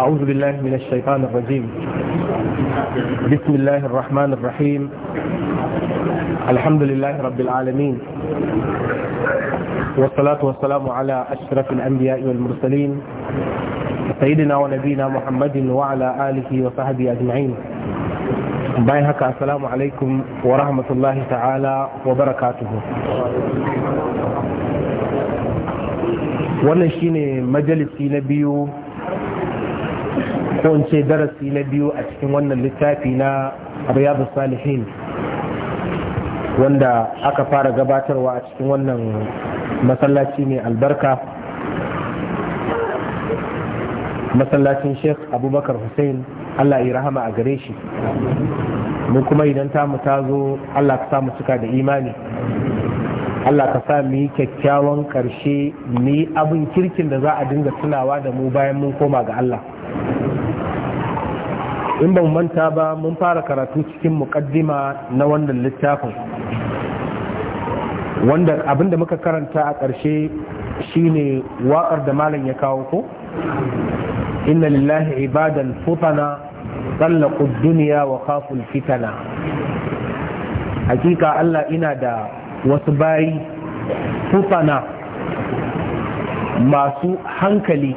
أعوذ بالله من الشيطان الرجيم بسم الله الرحمن الرحيم الحمد لله رب العالمين والصلاة والسلام على أشرف الأنبياء والمرسلين سيدنا ونبينا محمد وعلى آله وصحبه أجمعين بايهك السلام عليكم ورحمة الله تعالى وبركاته wa barakatuhu wannan ko in ce darasi na biyu a cikin wannan littafi na riyadu salihin wanda aka fara gabatarwa a cikin wannan masallaci mai albarka masallacin sheikh abubakar hussein allah rahama a gare shi mun kuma idan tamu ta zo allah ka samu cika da imani allah ka sa mu yi kyakkyawan karshe mu yi abin kirkin da za a dinga tunawa da mu bayan mun koma ga allah in mu manta ba mun fara karatu cikin mukaddima na wannan littafin wanda abinda muka karanta a ƙarshe shine waƙar da malam ya kawo ko inna lillahi ibadan futana tsallaqu duniya wa khaful fitana hakika Allah ina da wasu bayi futana masu hankali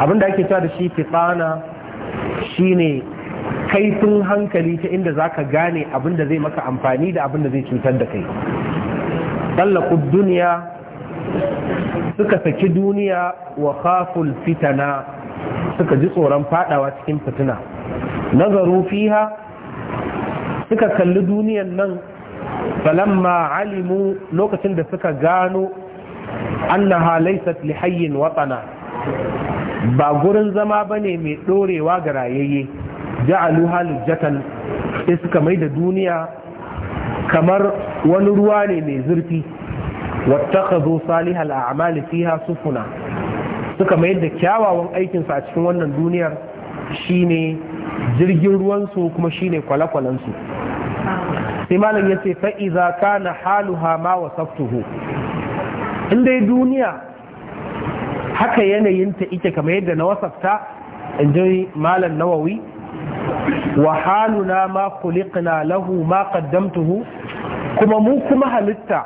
abinda ake cewa da shi fitana shine kaifin hankali ta inda za ka gane abin da zai maka amfani da abin da zai cutar da kai tsallaku duniya suka saki duniya wa khaful fitana suka ji tsoron fadawa cikin fitina nazaru fiha suka kalli duniyan nan falamma alimu lokacin da suka gano annaha laysat lihayyin watana ba gurin zama bane mai dorewa ga rayayye ja'aluha lujjatan sai suka mai da duniya kamar wani ruwa ne mai zurfi wattakazo salihal a'mali fiha sufuna suka mayar da kyawawan aikinsu a cikin wannan duniyar shine jirgin ruwansu kuma shine su sai malam ya ce iza kana haluha ma wasaftuhu in dai duniya haka yanayin ta ike kamar yadda na wasafta in ji malam nawawi wa haluna ma khuliqna lahu ma qaddamtuhu kuma mu kuma halitta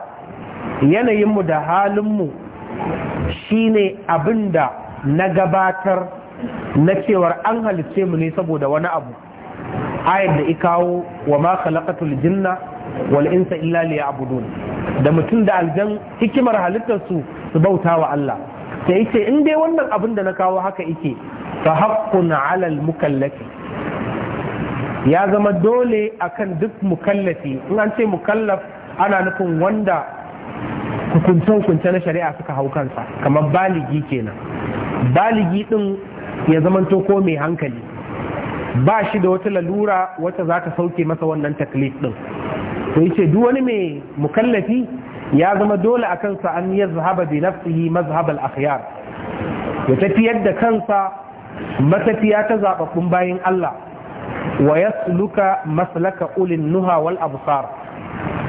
yanayin mu da halin mu shine abinda na gabatar na cewar an halice mu ne saboda wani abu ayat da ikawo wa ma khalaqatul jinna wal insa illa liya'budun da mutum da aljan hikimar halittar su su bauta wa Allah sai yace in dai wannan abin da na kawo haka yake fa haqqun 'alal mukallafi ya zama dole akan duk mukallafi in an ce mukallaf ana nufin wanda hukunce-hukunce na shari'a suka hau kansa kamar baligi kenan baligi din ya zamanto ko mai hankali ba shi da wata lalura wata za ta sauke masa wannan taklif din to yi duk wani mai mukallafi ya zama dole a kansa an zahaba bi nafsihi mazhab al akhyar ya tafiyar da kansa matafiya ta zaɓaɓɓun bayan Allah Waya suluka maslaka ulin nuha wal absar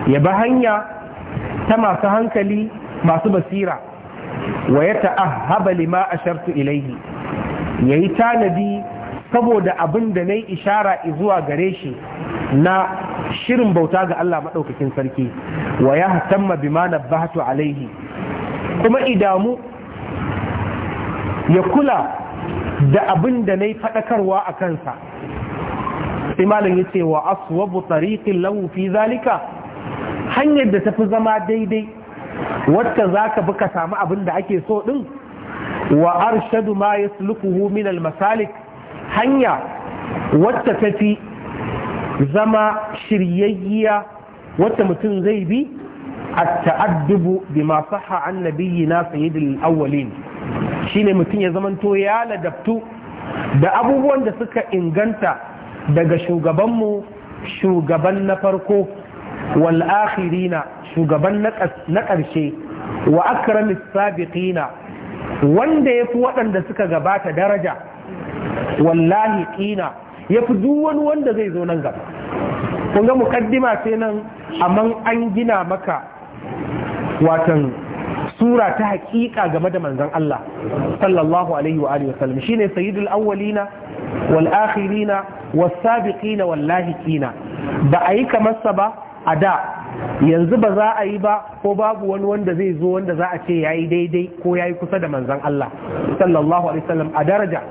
ya bi hanya ta masu hankali masu basira wa ya ta'ahhaba lima ashartu ilayhi yayi tanadi saboda abin da nayi ishara zuwa gare shi na shirin bauta ga Allah maɗaukakin sarki wa ya hatamma bima nabbahtu alaihi kuma idamu ya kula da abin da nayi faɗakarwa a kansa sai malam yace wa aswabu tariqin lahu fi zalika hanyar da tafi zama daidai wacce zaka bi ka samu abin da ake so din wa arshadu ma yaslukuhu min al masalik hanya wacce tafi zama shiryayya wacce mutum zai bi التأدب بما صح عن نبينا سيد الأولين shine mutum ya zamanto ya ladabtu da abubuwan da suka inganta daga shugabanmu shugaban na farko wal akhirina shugaban na ƙarshe wa akramis sabiqina wanda ya fi waɗanda suka gabata daraja wallahi ƙina ya fi wanda zai zo nan gaba kun ga muƙaddima sai nan amma an gina maka watan sura ta haƙiƙa game da manzon Allah sallallahu alaihi wa alihi wasallam shine sayyidul awwalina wal akhirina was sabiqina wal lahiqina ba a yi kamar ba a da yanzu ba za a yi ba ko babu wani wanda zai zo wanda za a ce yayi daidai ko yayi kusa da manzan Allah sallallahu alaihi wasallam a daraja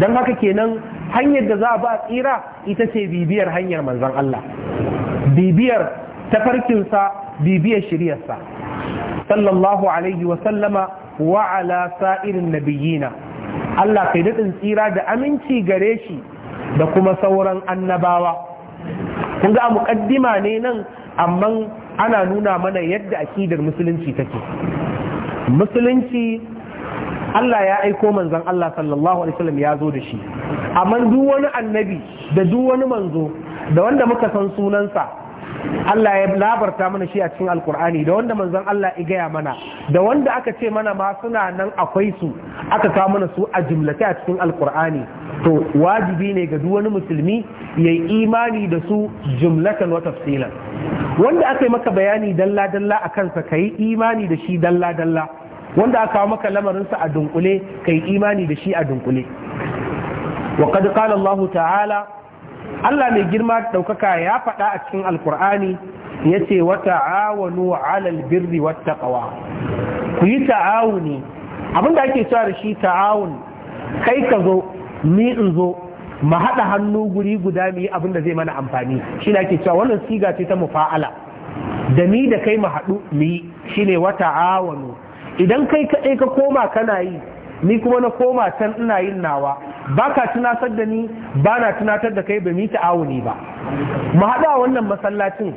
dan haka kenan hanyar da za a ba a tsira ita ce bibiyar hanyar manzan Allah bibiyar tafarkinsa bibiyar shiryarsa sallallahu alaihi wasallama wa ala sa'irin nabiyina Allah kai daɗin tsira da aminci gare shi da kuma sauran annabawa kun ga muƙaddima ne nan amma ana nuna mana yadda akidar musulunci take musulunci Allah ya aiko manzon Allah sallallahu alaihi wasallam ya zo da shi amma duk wani annabi da duk wani manzo da wanda muka san sunansa Allah ya labarta mana shi a cikin alkur'ani da wanda manzon Allah ya gaya mana da wanda aka ce mana ma suna nan akwai su aka kawo mana su a jimlata a cikin alkur'ani to wajibi ne ga duk wani musulmi ya yi imani da su jimlatan wa tafsilan wanda aka yi maka bayani dalla dalla a kansa ka yi imani da shi dalla dalla wanda aka kawo maka lamarin su a dunkule ka yi imani da shi a dunkule qad qala Allah ta'ala Allah mai girma da ɗaukaka ya faɗa a cikin Alƙur'ani ya ce wa ta'awanu alal birri wa taqwa ku yi ta'awuni abin da ake cewa da shi ta'awun kai ka zo ni in zo mu haɗa hannu guri guda mu yi abin da zai mana amfani shi ne ake cewa wannan siga ce ta mufa'ala da ni da kai mu haɗu mu yi ne wa ta'awanu idan kai kaɗai ka koma kana yi ni kuma na koma can ina yin nawa ba ka tunatar da ni ba na tunatar da kai ba mi ta'awuni ba mu haɗa wannan masallacin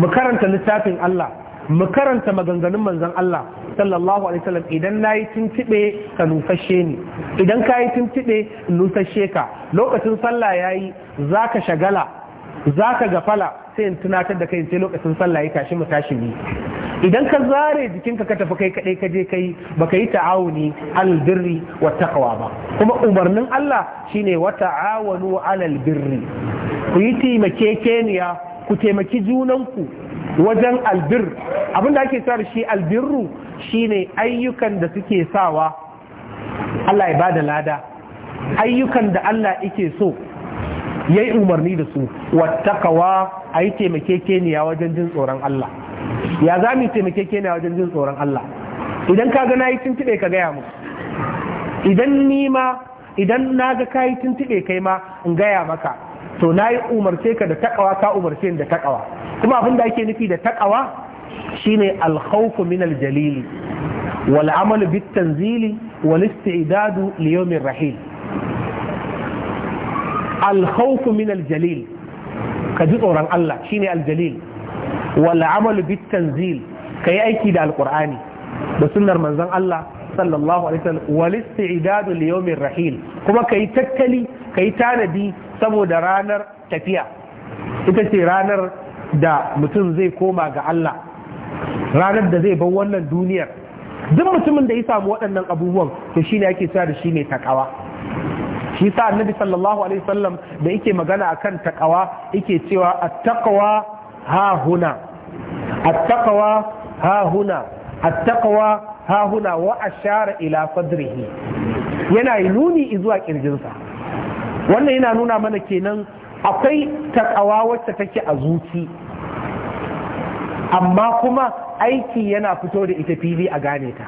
mu karanta littafin Allah mu karanta maganganun manzon Allah sallallahu alaihi wasallam idan nayi tuntube ka nufashe ni idan kayi tuntube nufashe ka lokacin sallah yayi zaka shagala za ka fala sai in tunatar da kai sai lokacin sallah ya tashi mu tashi ni idan ka zare jikinka ka tafi kai kadai ka je kai baka yi ta'awuni al birri wa taqwa ba kuma umarnin Allah shine wa ta'awanu alal birri ku yi taimakekeniya ku taimaki junanku wajen albir da ake cewa shi albirru shine ayyukan da suke sawa Allah ya bada lada ayyukan da Allah yake so ya yi umarni da su wattakawa a yi taimakekeniya wajen jin tsoron Allah ya za mu yi taimakekeniya wajen jin tsoron Allah idan ka gana na yi tuntube ka gaya mu idan ni ma idan na ga ka yi tuntube kai ma in gaya maka to na yi umarce ka da takawa ka umarce da takawa kuma abin da ake nufi da takawa shine alhaufu min aljalili wal amalu bit tanzili wal istidadu li rahil alhaufu min aljalil ka ji tsoron Allah shi ne aljalil wala amalu bit tanzil yi aiki da alkur'ani da sunnar manzan Allah sallallahu alaihi wasallam wal isti'dadu li yawmir rahil kuma kai tattali kai tanadi saboda ranar tafiya ita ce ranar da mutum zai koma ga Allah ranar da zai bar wannan duniyar duk mutumin da ya samu waɗannan abubuwan to shine ake sa da shi shine takawa shi sa annabi sallallahu alaihi wasallam da yake magana akan takawa yake cewa attaqwa ha huna attaqwa ha huna attaqwa ha huna wa ashara ila sadrihi yana nuni zuwa kirjinsa wannan yana nuna mana kenan akwai takawa wacce take a zuci amma kuma aiki yana fito da ita fili a gane ta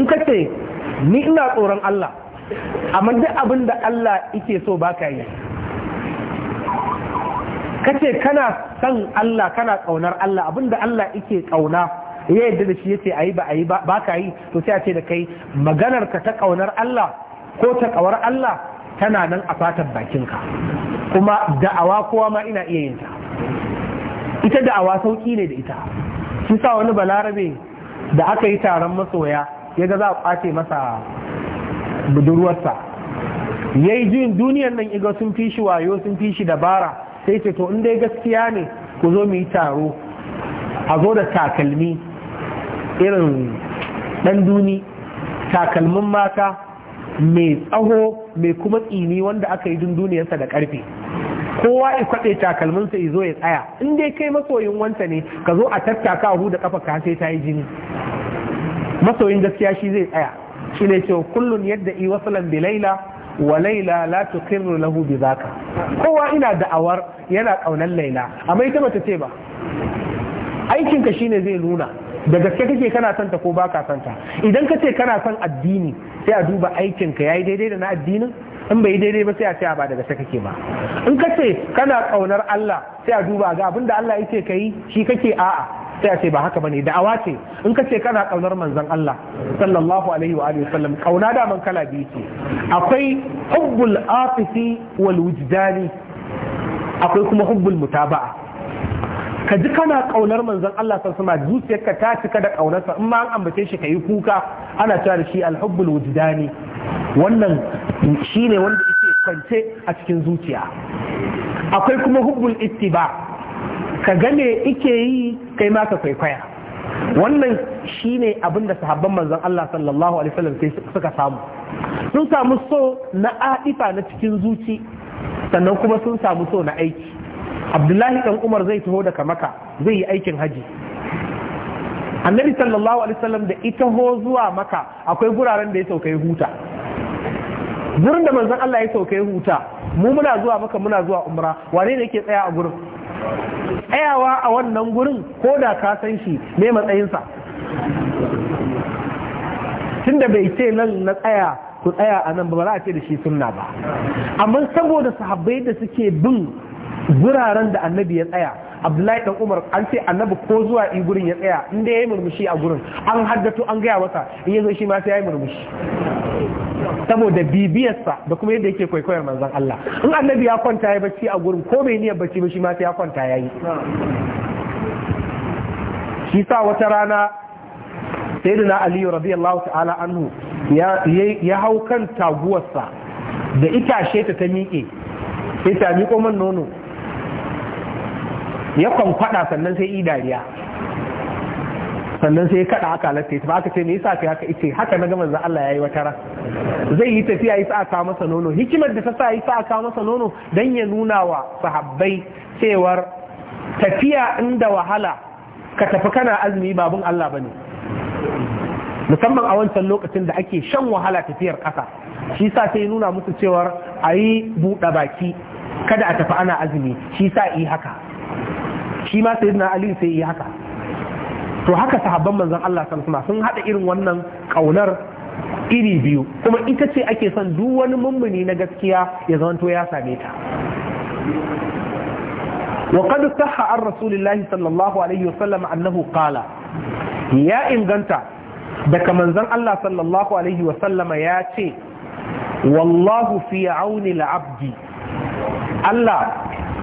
in ka ce ni ina tsoron Allah amma duk abin da Allah yake so baka yi kace kana san Allah kana ƙaunar Allah abin da Allah yake kauna ya yadda da shi yace ayi ba ayi ba baka yi to sai a ce da kai maganar ka ta kaunar Allah ko ta kawar Allah tana nan a fatan bakinka kuma da'awa kowa ma ina iya yin ta ita da'awa sauki ne da ita shi sa wani balarabe da aka yi taron masoya ya za a kwace masa budurwarsa ya yi jin duniyar nan iga sun fi shi wayo sun fi shi dabara sai ce to in dai gaskiya ne ku zo mu yi taro a zo da takalmi irin ɗan duni takalmin mata mai tsaho mai kuma tsini wanda aka yi duniyarsa da karfe kowa ya kwaɗe takalminsa ya zo ya tsaya in dai kai masoyin wanta ne ka zo a tattaka hu da kafa ka sai ta yi jini masoyin gaskiya shi zai tsaya shine cewa kullum yadda i wasalan bi laila wa laila la tuqirru lahu bi zaka kowa ina da'awar yana kaunar laila amma ita bata ce ba aikinka shi ne zai nuna da gaske kake kana son ta ko baka son ta idan ka ce kana son addini sai a duba aikinka ya yi daidai da na addinin in bai daidai ba sai a ce ba daga ta kake ba in ka ce kana kaunar Allah sai a duba ga abinda Allah ya ce kai shi kake a'a sai a ce ba haka bane da'awa ce in ka ce kana kaunar manzon Allah sallallahu alaihi wa alihi wasallam kauna da man kala biyu ce akwai hubbul afisi wal wujdani akwai kuma hubbul mutaba'a ka ji kana kaunar manzon Allah sallallahu alaihi wasallam zuciyarka ta cika da kaunarsa in ma an ambace shi kai kuka ana cewa da shi alhubbul wujdani wannan shine wanda yake kwance a cikin zuciya akwai kuma hubbul ittiba' ka game ike yi kai maka kwaikwaya wannan shine abin da sahabban manzon Allah sallallahu alaihi wasallam suka samu sun samu so na a'ifa na cikin zuci sannan kuma sun samu so na aiki abdullahi dan umar zai taho daga maka zai yi aikin haji annabi sallallahu alaihi wasallam da ita ho zuwa maka akwai guraren da ya sauka huta gurin da manzon Allah ya sauka huta mu muna zuwa maka muna zuwa umra wane ne yake tsaya a gurin tsayawa a wannan gurin ko da ka san shi ne matsayinsa tunda bai ce nan na tsaya ku tsaya a nan ba za ce da shi sunna ba amma saboda sahabbai da suke bin guraren da annabi ya tsaya abdullahi dan umar an ce annabi ko zuwa igurin gurin ya tsaya in ya yayi murmushi a gurin an haddato an gaya masa in zo shi ma sai yi murmushi saboda bibiyarsa da kuma yadda yake kwaikwayar manzon Allah in annabi ya kwanta ya bacci a gurin ko mai niyyar bacci ba shi ma sai ya kwanta yayi shi sa wata rana sayyidina ali radiyallahu ta'ala anhu ya ya hau kan taguwarsa da itace ta ta miƙe sai ta miƙo man nono ya fada sannan sai yi dariya sannan sai ya kada aka halatta ta aka ce me yasa kai haka ice haka na gama za Allah ya yi wata ran zai yi tafiya yi sa aka masa nono hikimar da ta sa yi sa aka masa nono don ya nuna wa sahabbai cewar tafiya inda wahala ka tafi kana azumi babun Allah ba ne musamman a wancan lokacin da ake shan wahala tafiyar ƙasa shi sa sai nuna musu cewar a yi buɗe baki kada a tafi ana azumi shi sa yi haka shi ma sayyidina ali sai yi haka to haka sahabban manzon Allah sallallahu sun hada irin wannan kaunar iri biyu kuma ita ce ake son duk wani mummuni na gaskiya ya zanto ya same ta wa qad sahha an rasulillahi sallallahu alaihi wasallam annahu qala ya inganta daga manzon Allah sallallahu alaihi wasallama ya ce wallahu fi auni al-abdi Allah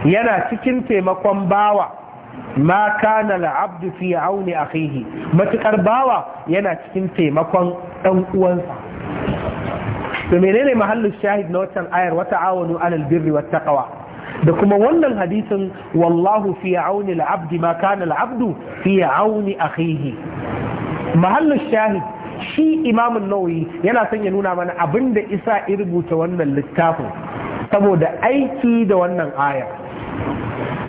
yana cikin taimakon bawa ma kana al'abdu fi auni akhihi matukar bawa yana cikin taimakon dan uwansa to menene mahallu shahid na watan ayar wata awanu alal birri wat taqwa da kuma wannan hadisin wallahu fi auni al'abdi ma kana al'abdu fi auni akhihi mahallu shahid shi imamun nawawi yana son ya nuna mana abin da isa ya rubuta wannan littafin saboda aiki da wannan aya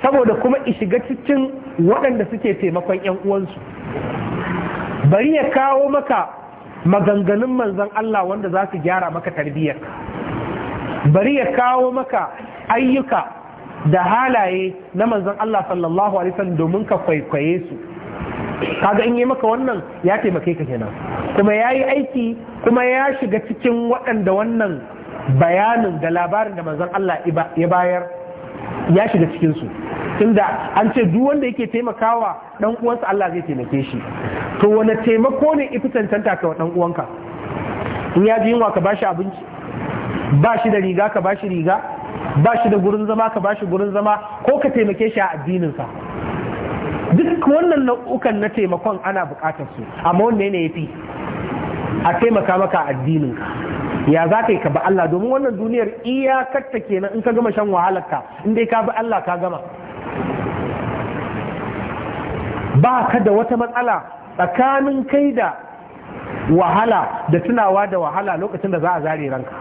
saboda kuma shiga cikin waɗanda suke taimakon 'yan uwansu bari ya kawo maka maganganun manzan Allah wanda za su gyara maka tarbiyyar bari ya kawo maka ayyuka da halaye na manzan Allah sallallahu alaihi wasallam domin ka kwaikwaye su kaga in yi maka wannan ya taimake ka kenan kuma ya yi aiki kuma ya shiga cikin waɗanda wannan bayanin da labarin da manzan Allah ya bayar ya shiga cikinsu tunda an ce duk wanda yake taimakawa dan uwansa Allah zai taimake shi to wani taimako ne ifi tantanta ka dan uwanka in ya ji yunwa ka bashi abinci ba shi da riga ka bashi riga ba da gurin zama ka bashi gurin zama ko ka taimake shi a addinin addininsa duk wannan nau'ukan na taimakon ana bukatar su amma wanne ne yafi a taimaka maka a ka ya za ka yi ka ba Allah domin wannan duniyar iyakarta kenan in ka gama shan wahalarka in dai ka bi Allah ka gama ba ka da wata matsala tsakanin kai da wahala da tunawa da wahala lokacin da za a zare ranka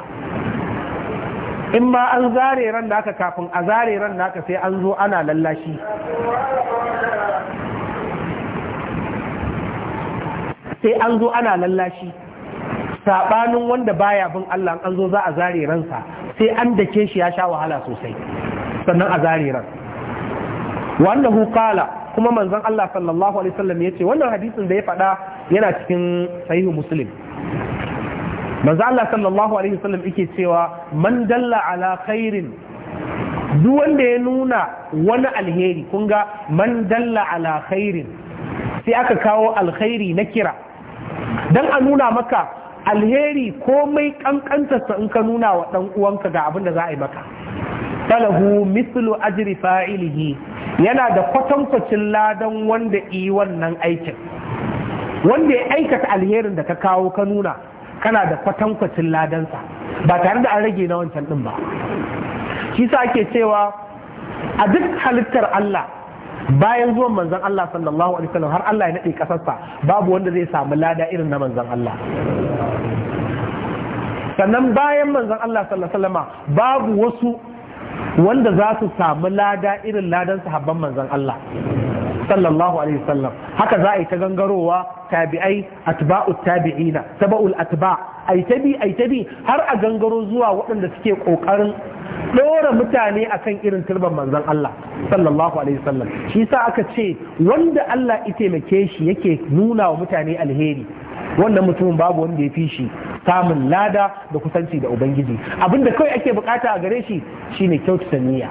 in ma an zare ran naka kafin a zare ran naka sai an zo ana lallashi sai an zo ana lallashi saɓanin wanda baya bin Allah an zo za a zare ransa sai an dake shi ya sha wahala sosai sannan a zare ran wanda hukala kuma manzon Allah sallallahu alaihi wasallam yace wannan hadisin da ya faɗa yana cikin sahihu muslim manzon Allah sallallahu alaihi wasallam yake cewa man dalla ala khairin duk wanda ya nuna wani alheri kun ga man dalla ala khairin sai aka kawo alkhairi na kira dan a nuna maka alheri komai kankantarsa in ka nuna wa dan uwanka ga abin da za a yi maka falahu mislu ajri fa'ilihi yana da kwatankwacin ladan wanda yi wannan aikin wanda ya aikata alherin da ka kawo ka nuna kana da kwatankwacin ladansa ba tare da an rage na wancan din ba shi sa ake cewa a duk halittar Allah bayan zuwan manzon Allah sallallahu alaihi wasallam har Allah ya nade kasarsa babu wanda zai samu lada irin na manzon Allah sannan bayan manzon Allah sallallahu alaihi wasallama babu wasu wanda za su samu lada irin ladan sahabban manzon Allah sallallahu alaihi wasallam haka za a yi ta gangarowa tabi'ai atba'u tabi'ina tabaul atba ai tabi ai tabi har a gangaro zuwa waɗanda suke kokarin dora mutane akan irin turban manzon Allah sallallahu alaihi wasallam shi sa aka ce wanda Allah ya taimake shi yake nuna wa mutane alheri wannan mutumin babu wanda ya fi shi samun lada da kusanci da ubangiji abinda kawai ake bukata a gare shi shine kyautata niyya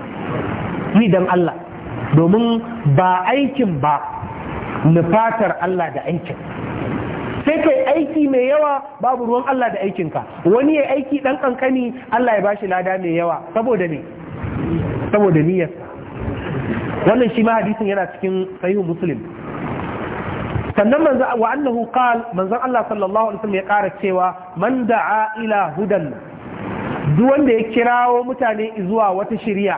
yi dan Allah domin ba aikin ba nufatar Allah da aikin sai kai aiki mai yawa babu ruwan Allah da aikinka wani ya aiki dan kankani Allah ya bashi lada mai yawa saboda ne saboda niyyarsa wannan shi ma hadisin yana cikin sahihu muslim sannan manzo wa annahu qal manzon Allah sallallahu alaihi wasallam ya ƙara cewa man da'a ila hudan duk wanda ya kirawo mutane zuwa wata shiriya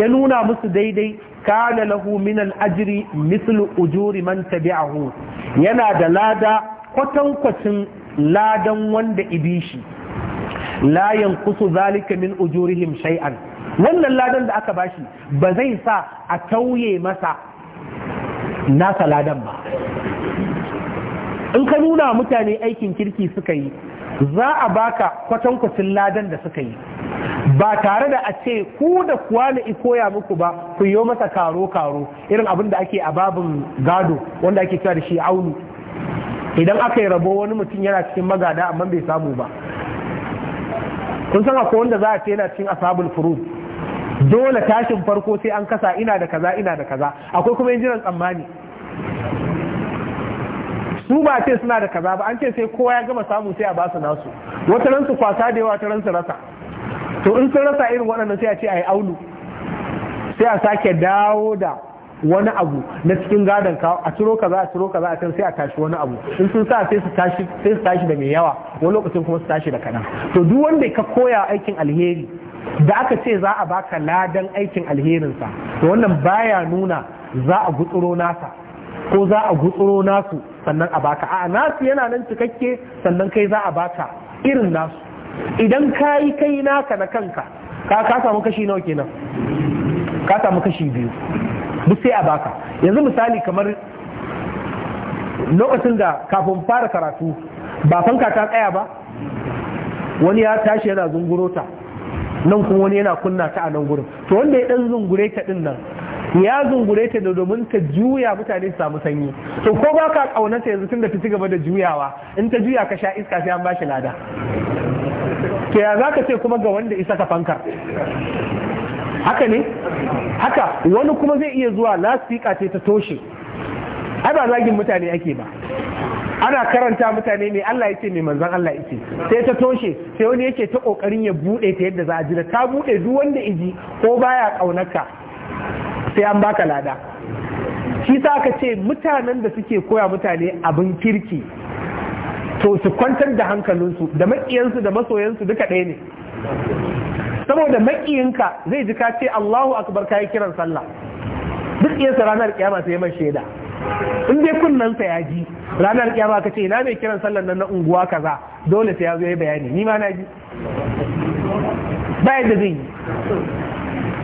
ya nuna musu daidai kana lahu min al-ajri mithlu ujuri man tabi'ahu yana da lada kwatankwacin ladan wanda ibishi la yanqusu zalika min ujurihim shay'an wannan ladan da aka bashi ba zai sa a tauye masa nasa ladan ba in ka nuna mutane aikin kirki suka yi za a baka kwatankwacin ladan da suka yi ba tare da a ce ku da kuwa na koya muku ba ku yi masa karo-karo irin abin da ake a babin gado wanda ake cewa da shi aunu idan aka yi rabo wani mutum yana cikin magada amma bai samu ba kun san akwai wanda za a ce yana cikin asabul furu dole tashin farko sai an kasa ina da kaza ina da kaza akwai kuma injinan tsammani su ba ce suna da kaza ba an ce sai kowa ya gama samu sai a ba su nasu wata ransu kwasa da yawa ta ransu rasa to in sun rasa irin waɗannan sai a ce a yi aulu sai a sake dawo da wani abu na cikin gadon ka a ciro kaza a ciro kaza a sai a tashi wani abu in sun sa sai su tashi da mai yawa wani lokacin kuma su tashi da kaɗan to duk wanda ka koya aikin alheri da aka ce za a baka ladan aikin alherinsa to wannan baya nuna za a gutsuro nasa ko za a gutsuro nasu sannan a baka a nasu yana nan cikakke sannan kai za a baka irin nasu idan ka yi kai naka na kanka ka samu kashi nawa kenan ka samu kashi biyu duk sai a baka yanzu misali kamar lokacin da kafin fara karatu ba fanka ta tsaya ba wani ya tashi yana zungurota nan kuma wani yana kunna ta a nan gurin to wanda ya dan zungure ta din nan ya zungure ta da domin ta juya mutane su samu sanyi to ko ba ka ta yanzu tun da ta ci gaba da juyawa in ta juya ka sha iska sai an bashi lada to ya zaka ce kuma ga wanda isa ka fanka haka ne haka wani kuma zai iya zuwa lasfika ce ta toshe ai ba zagin mutane ake ba ana karanta mutane ne Allah yake mai manzon Allah yake sai ta toshe sai wani yake ta kokarin ya bude ta yadda za a ji ta bude duk wanda iji ko baya kaunarka sai an baka lada shi sa aka ce mutanen da suke koya mutane abin kirki to su kwantar da hankalinsu da makiyansu da masoyansu duka ɗaya ne saboda makiyinka zai ji ka ce Allahu akbar kai kiran sallah duk iyansa ranar kiyama sai mai shaida in dai sa ya ji ranar kiyama ka ce ina mai kiran sallar nan na unguwa kaza dole sai ya zo ya bayani ni ma na ji bayan da zai yi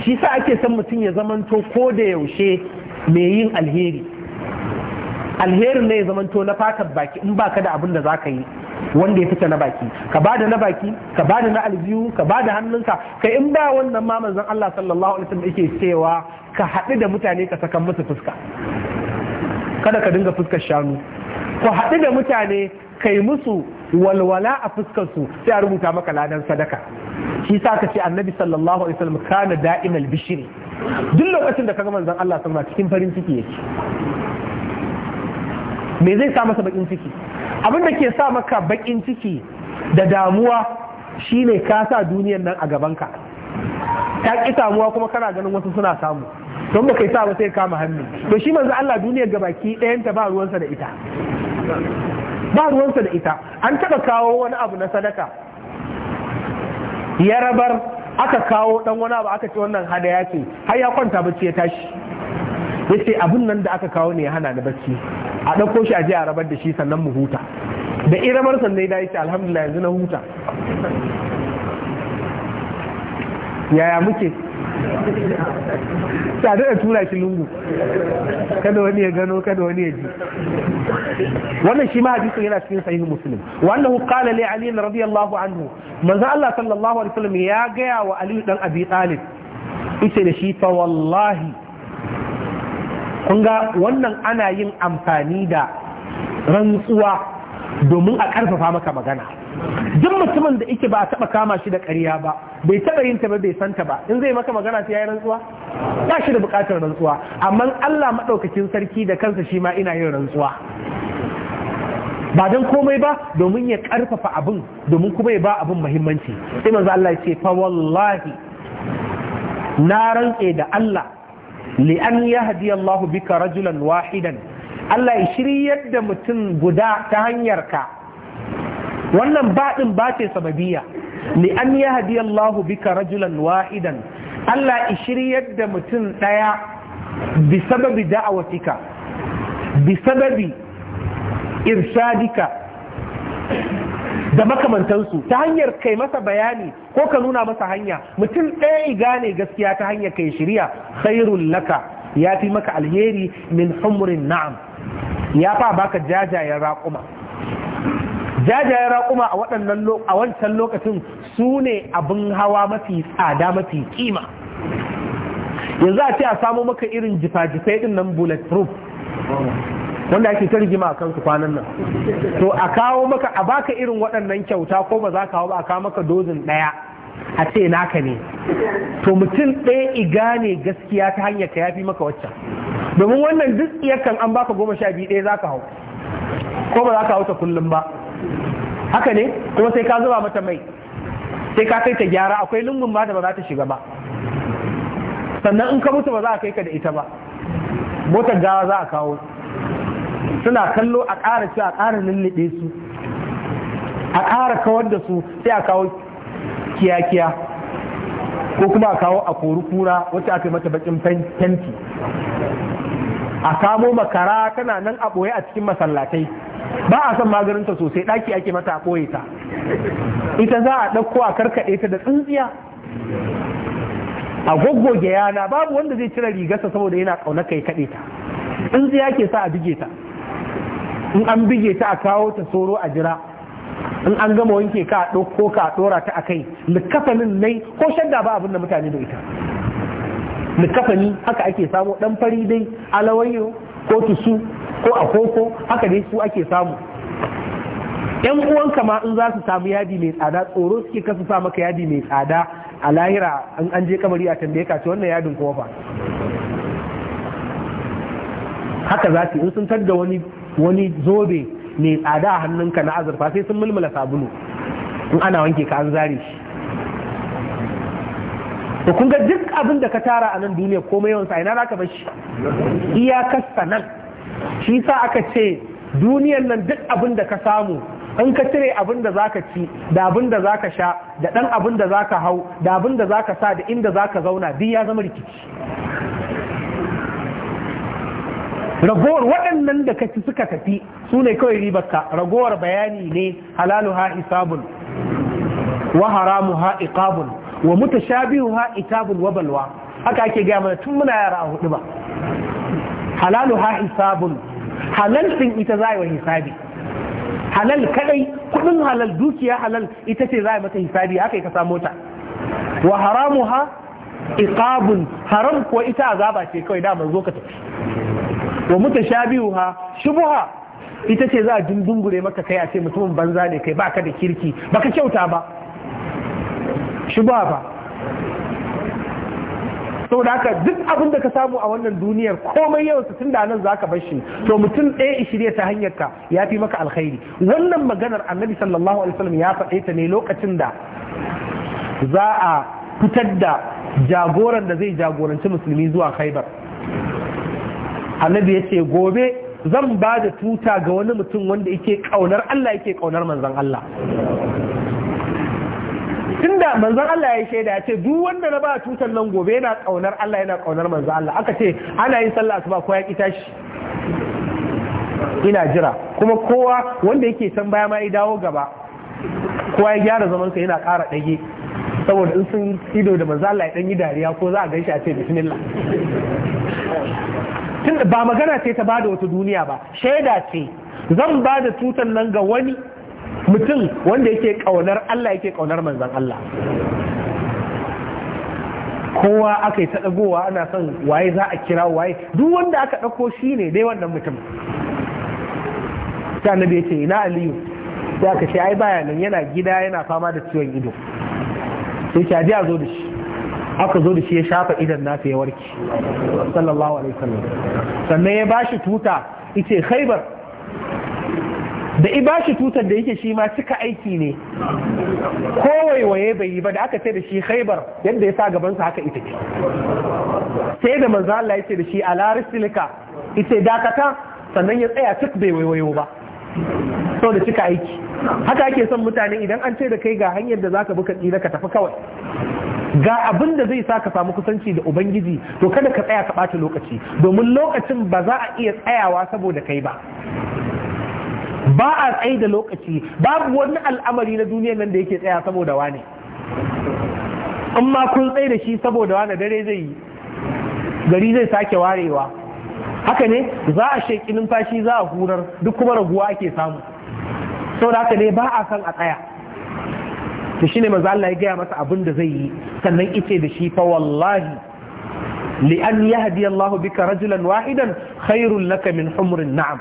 shi sa ake san mutum ya zamanto ko da yaushe mai yin alheri alherin ne ya zamanto na fata baki in baka da abin da za ka yi wanda ya fita na baki ka bada na baki ka bada na aljihu ka bada hannunka ka in ba wannan ma manzon Allah sallallahu alaihi wasallam yake cewa ka haɗu da mutane ka saka musu fuska kada ka dinga fuskar shanu ku haɗu da mutane kai musu walwala a fuskar su sai a rubuta maka ladan sadaka shi sa ka ce annabi sallallahu alaihi wasallam kana da'imal bishiri duk lokacin da kaga manzon Allah sallallahu cikin farin ciki yake me zai sa masa bakin ciki abin da ke sa maka bakin ciki da damuwa shine ka sa duniyar nan a ka ta ki samuwa kuma kana ganin wasu suna samu don ba kai sa ba sai kama hannu to shi manzo Allah duniyar gabaki ɗayan ta ba ruwansa da ita ba ruwansa da ita an taba kawo wani abu na sadaka ya rabar aka kawo dan wani abu aka ci wannan hadaya ce har ya kwanta bacci ya tashi ya ce abin nan da aka kawo ne ya hana ni bacci a ɗauko shi a a rabar da shi sannan mu huta da iramar sannan ya ce alhamdulillah yanzu na huta yaya muke ta da tura shi lungu kada wani ya gano kada wani ya ji wannan shi ma yana cikin sahihu muslim wannan qala li ali radiyallahu anhu manzo Allah sallallahu alaihi wasallam ya gaya wa ali dan abi talib ita da shi fa wallahi kun ga wannan ana yin amfani da rantsuwa domin a karfafa maka magana duk mutumin da ike ba a taba kama shi da ƙarya ba bai taba yin ta ba bai santa ba in zai maka magana sai yayi rantsuwa ba shi da buƙatar rantsuwa amma Allah maɗaukacin sarki da kansa shi ma ina yin rantsuwa ba don komai ba domin ya karfafa abin domin kuma ya ba abin muhimmanci sai manzo Allah ya ce fa wallahi na rantse da Allah li an yahdi Allah bika rajulan wahidan Allah ya shiryar da mutum guda ta hanyar ka wannan baɗin ba ce sababiya ni an yi hadi lahu bika rajulan wa'idan, Allah shiryar da mutum ɗaya bi sababi da'awatika bi sababi irshadika da makamantansu ta hanyar kai masa bayani ko ka nuna masa hanya mutum ɗaya gane gaskiya ta hanyar kai shirya khairul laka ya fi maka alheri min humurin na'am ya fa baka jajayen raƙuma jajayen raƙuma a wancan lokacin su ne abin hawa mafi tsada mafi kima yanzu a ce a samu maka irin jifa-jifai ɗin nan bulletproof wanda ake ta a kansu kwanan nan to a kawo maka a baka irin waɗannan kyauta ko ba za ka hau ba a kawo maka dozin ɗaya a ce naka ne to mutum ɗaya iga ne gaskiya ta hanyar ka yafi maka waccan domin wannan duk iyakan an baka goma sha biyu ɗaya za ka hau ko ba za ka hau ta kullum ba haka ne kuma sai ka zuba mata mai sai ka kai ta gyara akwai lungun ba da ba za ta shiga ba sannan in ka mutu ba za a kai ka da ita ba motar gawa za a kawo suna kallo a ƙara cewa a ƙara lullube su a ƙara kawar da su sai a kawo kiyakiya ko kuma a kawo a kori kura wacce aka yi mata bakin fenti a kamo makara tana nan a ɓoye a cikin masallatai ba a son maganinta sosai ɗaki ake mata a ta ita za a ɗauko a karkaɗe ta da tsintsiya a goggoge yana babu wanda zai cire rigarsa saboda yana ƙaunar kai kaɗe ta tsintsiya ke sa a bige ta in an bige ta a kawo ta soro a jira in an gama wanke ka a ɗauko ka a ɗora ta a kai likafanin nai ko shadda ba abin da mutane da ita likafani haka ake samo ɗan fari dai alawayo ko tusu ko a koko haka dai su ake samu yan uwanka ma in za su samu yadi mai tsada tsoro suke kasu sa maka yadi mai tsada a lahira an an je kamari a tambaye ka ce wannan yadin kuma ba haka za su in sun tagga wani wani zobe mai tsada a hannunka na azurfa sai sun mulmula sabulu in ana wanke ka an zare shi to kun ga duk abin da ka tara a nan duniya komai yawan sa ina ka bar shi kasta nan shi sa aka ce duniyar nan duk abin da ka samu in ka cire abin da za ka ci da abin da za ka sha da ɗan abin da za ka hau da abin da za ka sa da inda ka zauna duk ya zama rikici ragowar waɗannan da kaci suka tafi su ne kawai ribarka ragowar bayani ne halalu ha isabun wa haramu ha iqabun wa mutashabihu ha itabun wa balwa haka ake gaya mana tun muna yara a hudu ba halalu ha hisabun halal din ita za wa hisabi halal kadai kudin halal dukiya halal ita ce za mata hisabi haka ka samo ta wa haramu ha iqabun haram ko ita azaba ce kawai da zo ka tafi wa ha shubha ita ce za a dungure maka kai a ce mutumin banza ne kai baka da kirki baka kyauta ba shubha ba saboda haka duk abin da ka samu a wannan duniyar komai yau su tunda nan zaka bar shi to mutum ɗaya shirye ta hanyar ka ya fi maka alkhairi wannan maganar annabi sallallahu alaihi wasallam ya faɗe ta ne lokacin da za a fitar da jagoran da zai jagoranci musulmi zuwa khaibar annabi ya ce gobe zan ba da tuta ga wani mutum wanda yake kaunar Allah yake kaunar manzon Allah Tun da manzan Allah ya shaida ya ce duk wanda na ba tutar nan gobe yana kaunar Allah yana kaunar manzan Allah aka ce ana yin sallah asuba ko ya ki tashi ina jira kuma kowa wanda yake can baya ma ya dawo gaba kowa ya gyara zaman sa yana ƙara dage saboda in sun ido da manzan Allah ya dan yi dariya ko za a gaishe a ce bismillah da ba magana ce ta bada wata duniya ba shaida ce zan ba da tutar nan ga wani mutum wanda yake kaunar Allah yake kaunar manzan Allah kowa aka yi ta ɗagowa ana son waye za a kira waye duk wanda aka ɗauko shi ne dai wannan mutum ta na ya ce ina aliyu sai aka ce ai baya nan yana gida yana fama da ciwon ido sai ce a zo da shi aka zo da shi ya shafa idan nasa ya warke sallallahu alaihi wasallam sannan ya bashi tuta ice khaibar da ibashi tutar da yake shi ma cika aiki ne waye bai yi ba da aka ce da shi haibar yadda ya sa gabansa haka ita ce sai da manzo Allah ya ce da shi a laris silika ita dakata sannan ya tsaya cik bai waiwayo ba sau da cika aiki haka ake son mutane idan an ce da kai ga hanyar da zaka ka ka tsira ka tafi kawai ga abin da zai sa ka samu kusanci da ubangiji to kada ka tsaya ka ɓata lokaci domin lokacin ba za a iya tsayawa saboda kai ba ba a tsaye da lokaci babu wani al'amari na duniya nan da yake tsaya saboda wane in ma kun tsaye da shi saboda wane dare zai yi gari zai sake warewa haka ne za a sheƙi numfashi za a hurar duk kuma raguwa ake samu saboda haka ne ba a san a tsaya to shine maza Allah ya gaya masa abin da zai yi sannan ice da shi fa wallahi li an yahdi Allah bika rajulan wahidan khairul laka min humrin na'am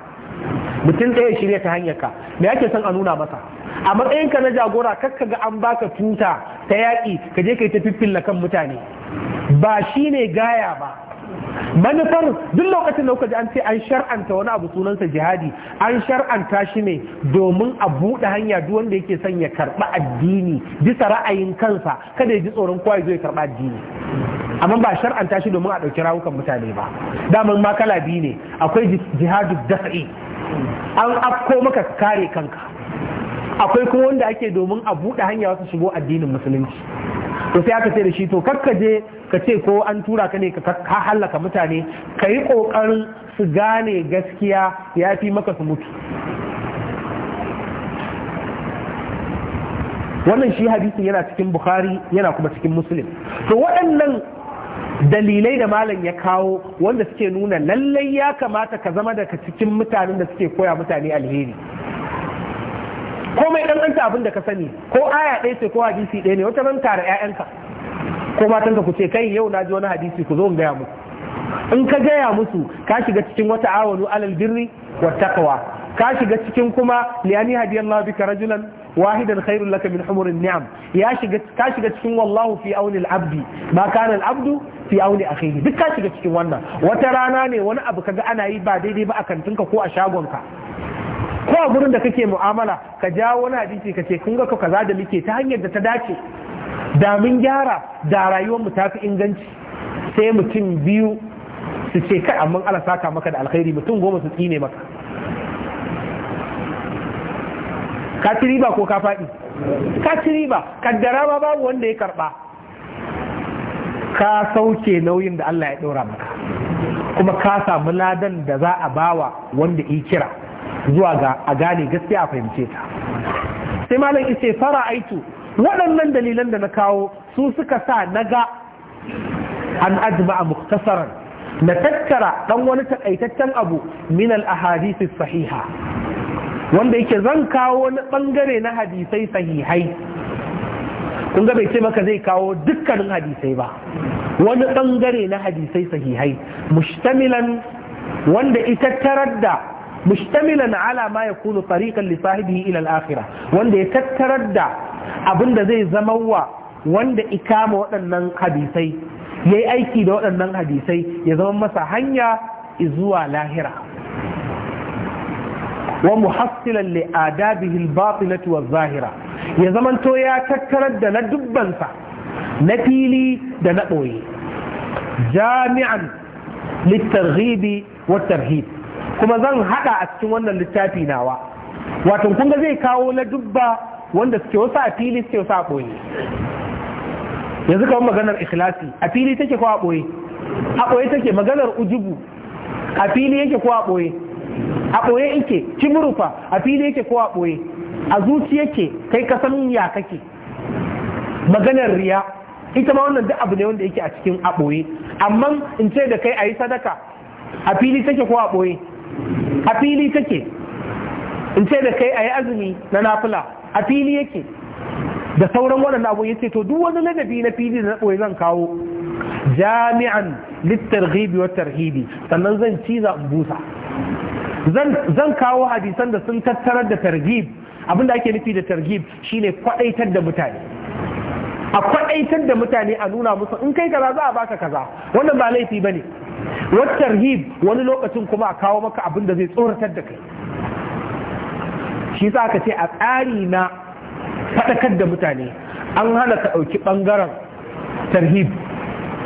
mutum ɗaya shirya ta hanyar ka me ake san a nuna masa a matsayin ka na jagora kakka ga an baka tuta ta yaƙi ka je ka yi ta fiffilla kan mutane ba shi ne gaya ba manufar duk lokacin da kuka ji an ce an shar'anta wani abu sunansa jihadi an shar'anta shi ne domin a buɗe hanya duk wanda yake son ya karɓi addini bisa ra'ayin kansa kada ya ji tsoron kowa ya zo ya karɓi addini amma ba shar'anta shi domin a ɗauki rawukan mutane ba daman ma kala biyu ne akwai jihadu dafa'i an afko maka kare kanka akwai kuma wanda ake domin a buɗe hanya wasu shigo addinin musulunci to sai aka ce da shi to kakka je ka ce ko an tura ka ne ka hallaka mutane ka yi ƙoƙarin su gane gaskiya ya fi maka su mutu wannan shi hadisin yana cikin bukhari yana kuma cikin muslim to waɗannan dalilai da malam ya kawo wanda suke nuna lallai ya kamata ka zama daga cikin mutanen da suke koya mutane alheri ko mai danganta abin da ka sani ko aya ɗaya ce ko hadisi ɗaya ne wata ranta da ƴaƴanka ko matanka ku ce kai yau na ji wani hadisi ku zo in gaya muku in ka gaya musu ka shiga cikin wata awanu alal birri wa taqwa ka shiga cikin kuma liyani hadiyallahu bika rajulan wahidan khairul laka min humurin ni'am ya shiga ka shiga cikin wallahu fi auni abdi ma kana abdu fi auni akhihi duk ka shiga cikin wannan wata rana ne wani abu kaga ana yi ba daidai ba a kantinka ko a shagonka ko a gurin da kake mu'amala ka ja wani hadisi ka ce kun ga ka kaza da muke ta hanyar da ta dace da mun gyara da rayuwar mu ta fi inganci sai mutum biyu su ce kai amma Allah saka maka da alkhairi mutum goma su tsine maka ka ci riba ko ka faɗi ka ci riba kaddara ma babu wanda ya karɓa ka sauke nauyin da Allah ya ɗora maka kuma ka samu ladan da za a bawa wanda ya kira zuwa ga a gane gaskiya a fahimce ta sai malam ice fara aitu waɗannan dalilan da na kawo su suka sa na ga an ajma a muktasaran na tattara ɗan wani takaitaccen abu min al-ahadisi sahiha wanda yake zan kawo wani bangare na hadisai sahihai kun ga bai ce maka zai kawo dukkanin hadisai ba wani bangare na hadisai sahihai mustamilan wanda ita tarar da mustamilan ala ma ya kunu tariqan li ilal ila al wanda ya tattarar da abinda zai zama wa wanda ikama waɗannan hadisai yayi aiki da waɗannan hadisai ya zama masa hanya zuwa lahira wa muhassilan li adabihi al-batilati wa zahira ya zamanto ya tattarar da na dubbansa na fili da na ɓoye jami'an littarghibi wa tarhib kuma zan hada a cikin wannan littafi nawa wato kun ga zai kawo na dubba wanda suke wasu a fili suke wasu a ɓoye yanzu kawai maganar ikhlasi a fili take ko a ɓoye a ɓoye take maganar ujubu a fili yake ko a ɓoye a ɓoye yake kimurufa a fili yake ko a ɓoye a zuci yake kai kasan ya kake maganar riya ita ma wannan duk abu ne wanda yake a cikin a ɓoye amma in ce da kai a yi sadaka a fili take ko a ɓoye a fili take in ce da kai a yi azumi na nafila a fili yake da sauran waɗanda abu ya ce to duk wani ladabi na fili da na ɓoye zan kawo jami'an littar wa tarhibi sannan zan ciza in busa zan kawo hadisan da sun tattarar da targib abinda ake nufi da targib shine kwadaitar da mutane a kwadaitar da mutane a nuna musu in kai kaza za a baka kaza wannan ba laifi bane wata tarhib wani lokacin kuma a kawo maka abin da zai tsoratar da kai shi za ka ce a tsari na faɗakar da mutane an hana ka ɗauki ɓangaren tarhib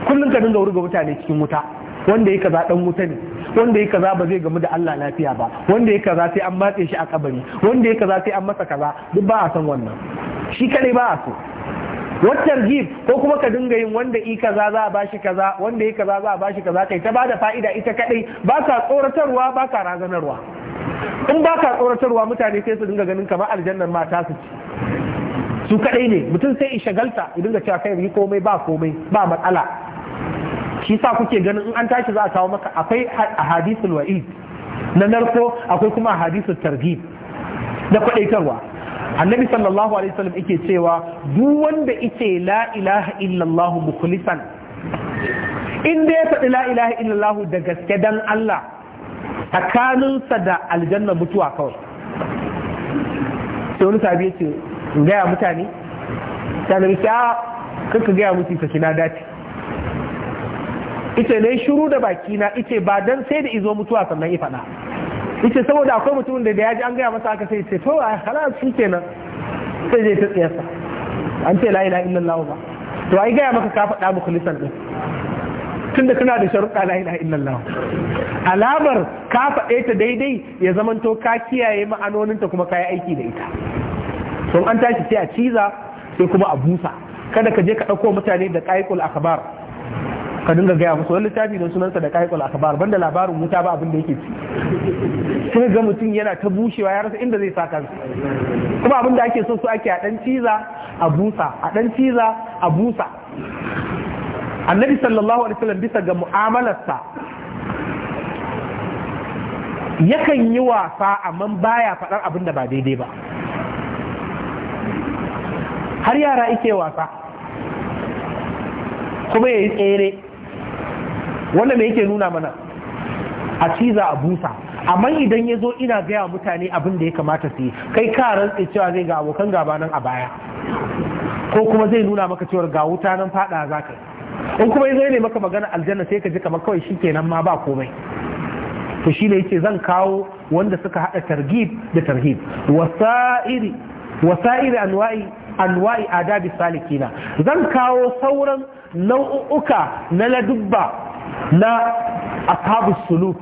kullum ka dinga wurga mutane cikin wuta wanda ya kaza ɗan wuta ne wanda ya kaza ba zai gamu da Allah lafiya ba wanda ya kaza sai an matse shi a kabari wanda ya kaza sai an masa kaza duk ba a san wannan shi kare ba a so wattar jib ko kuma ka dinga yin wanda i kaza za a bashi kaza wanda ya kaza za a bashi kaza kai ta bada fa'ida ita kadai ba ka tsoratarwa ba ka razanarwa in ba ka tsoratarwa mutane sai su dinga ganin kamar aljannar mata su ci su kadai ne mutum sai i shagalta i dinga cewa kai yi komai ba komai ba matsala shi sa kuke ganin in an tashi za a kawo maka akwai a ahadisul wa'id na narko akwai kuma ahadisul targhib na kwadaitarwa annabi sallallahu alaihi wasallam yake cewa duk wanda yake la ilaha illallah mukhlisan in dai ya faɗi la ilaha illallah da gaske dan Allah tsakaninsa da aljanna mutuwa kawai sai wani sabi ce in gaya mutane ta nabi ah, kanka gaya mutane ka kina dace ita na shiru da baki na ita ba don sai da izo mutuwa sannan ya faɗa ita saboda akwai mutumin da ya ji an gaya masa aka sai ce to a halar su ke nan sai zai ta tsayarsa an ce la ilaha illallah ba to ai gaya maka ka faɗa mukhlisan ɗin tunda kana da sharuɗa la ilaha illallah alamar ka faɗe ta daidai ya zamanto ka kiyaye ma'anoninta kuma ka yi aiki da ita to an tashi sai a ciza sai kuma a busa kada ka je ka ɗauko mutane da ƙa'iƙul akabar ka dinga gaya musu wani littafi don sunansa da kaikul ban banda labarin wuta ba abin da yake ci sai ga mutum yana ta bushewa ya rasa inda zai sa kansa kuma abin da ake so su ake a dan ciza a busa a dan ciza a busa annabi sallallahu alaihi wasallam bisa ga mu'amalarsa yakan yi wasa amma baya faɗar abin da ba daidai ba har yara ike wasa kuma ya yi tsere wannan me yake nuna mana a ciza a busa amma idan ya zo ina gaya mutane abin da ya kamata su yi kai ka rantse cewa zai ga abokan gaba nan a baya ko kuma zai nuna maka cewar ga wuta nan fada za ka in kuma zai ne maka magana aljanna sai ka ji kamar kawai shi kenan ma ba komai to shi ne yace zan kawo wanda suka hada targhib da tarhib wasa'iri wasa'iri anwa'i anwa'i adabi salikina zan kawo sauran nau'uka na ladubba na ashabu suluk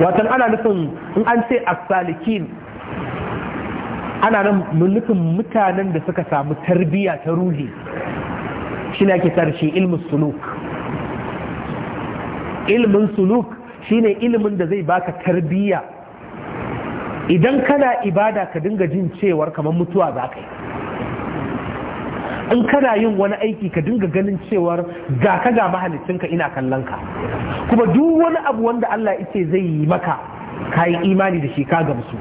watan ana nufin in an ce asalikin ana nan nufin mutanen da suka samu tarbiya ta ruhi shi ne ake tarshe ilmin suluk ilmin suluk shi ne ilimin da zai baka tarbiya idan kana ibada ka dinga jin cewar kamar mutuwa za ka yi in kana yin wani aiki ka dinga ganin cewar ga ka ga mahalicinka ina kallon ka kuma duk wani abu wanda Allah yake zai yi maka ka yi imani da shi ka gamsu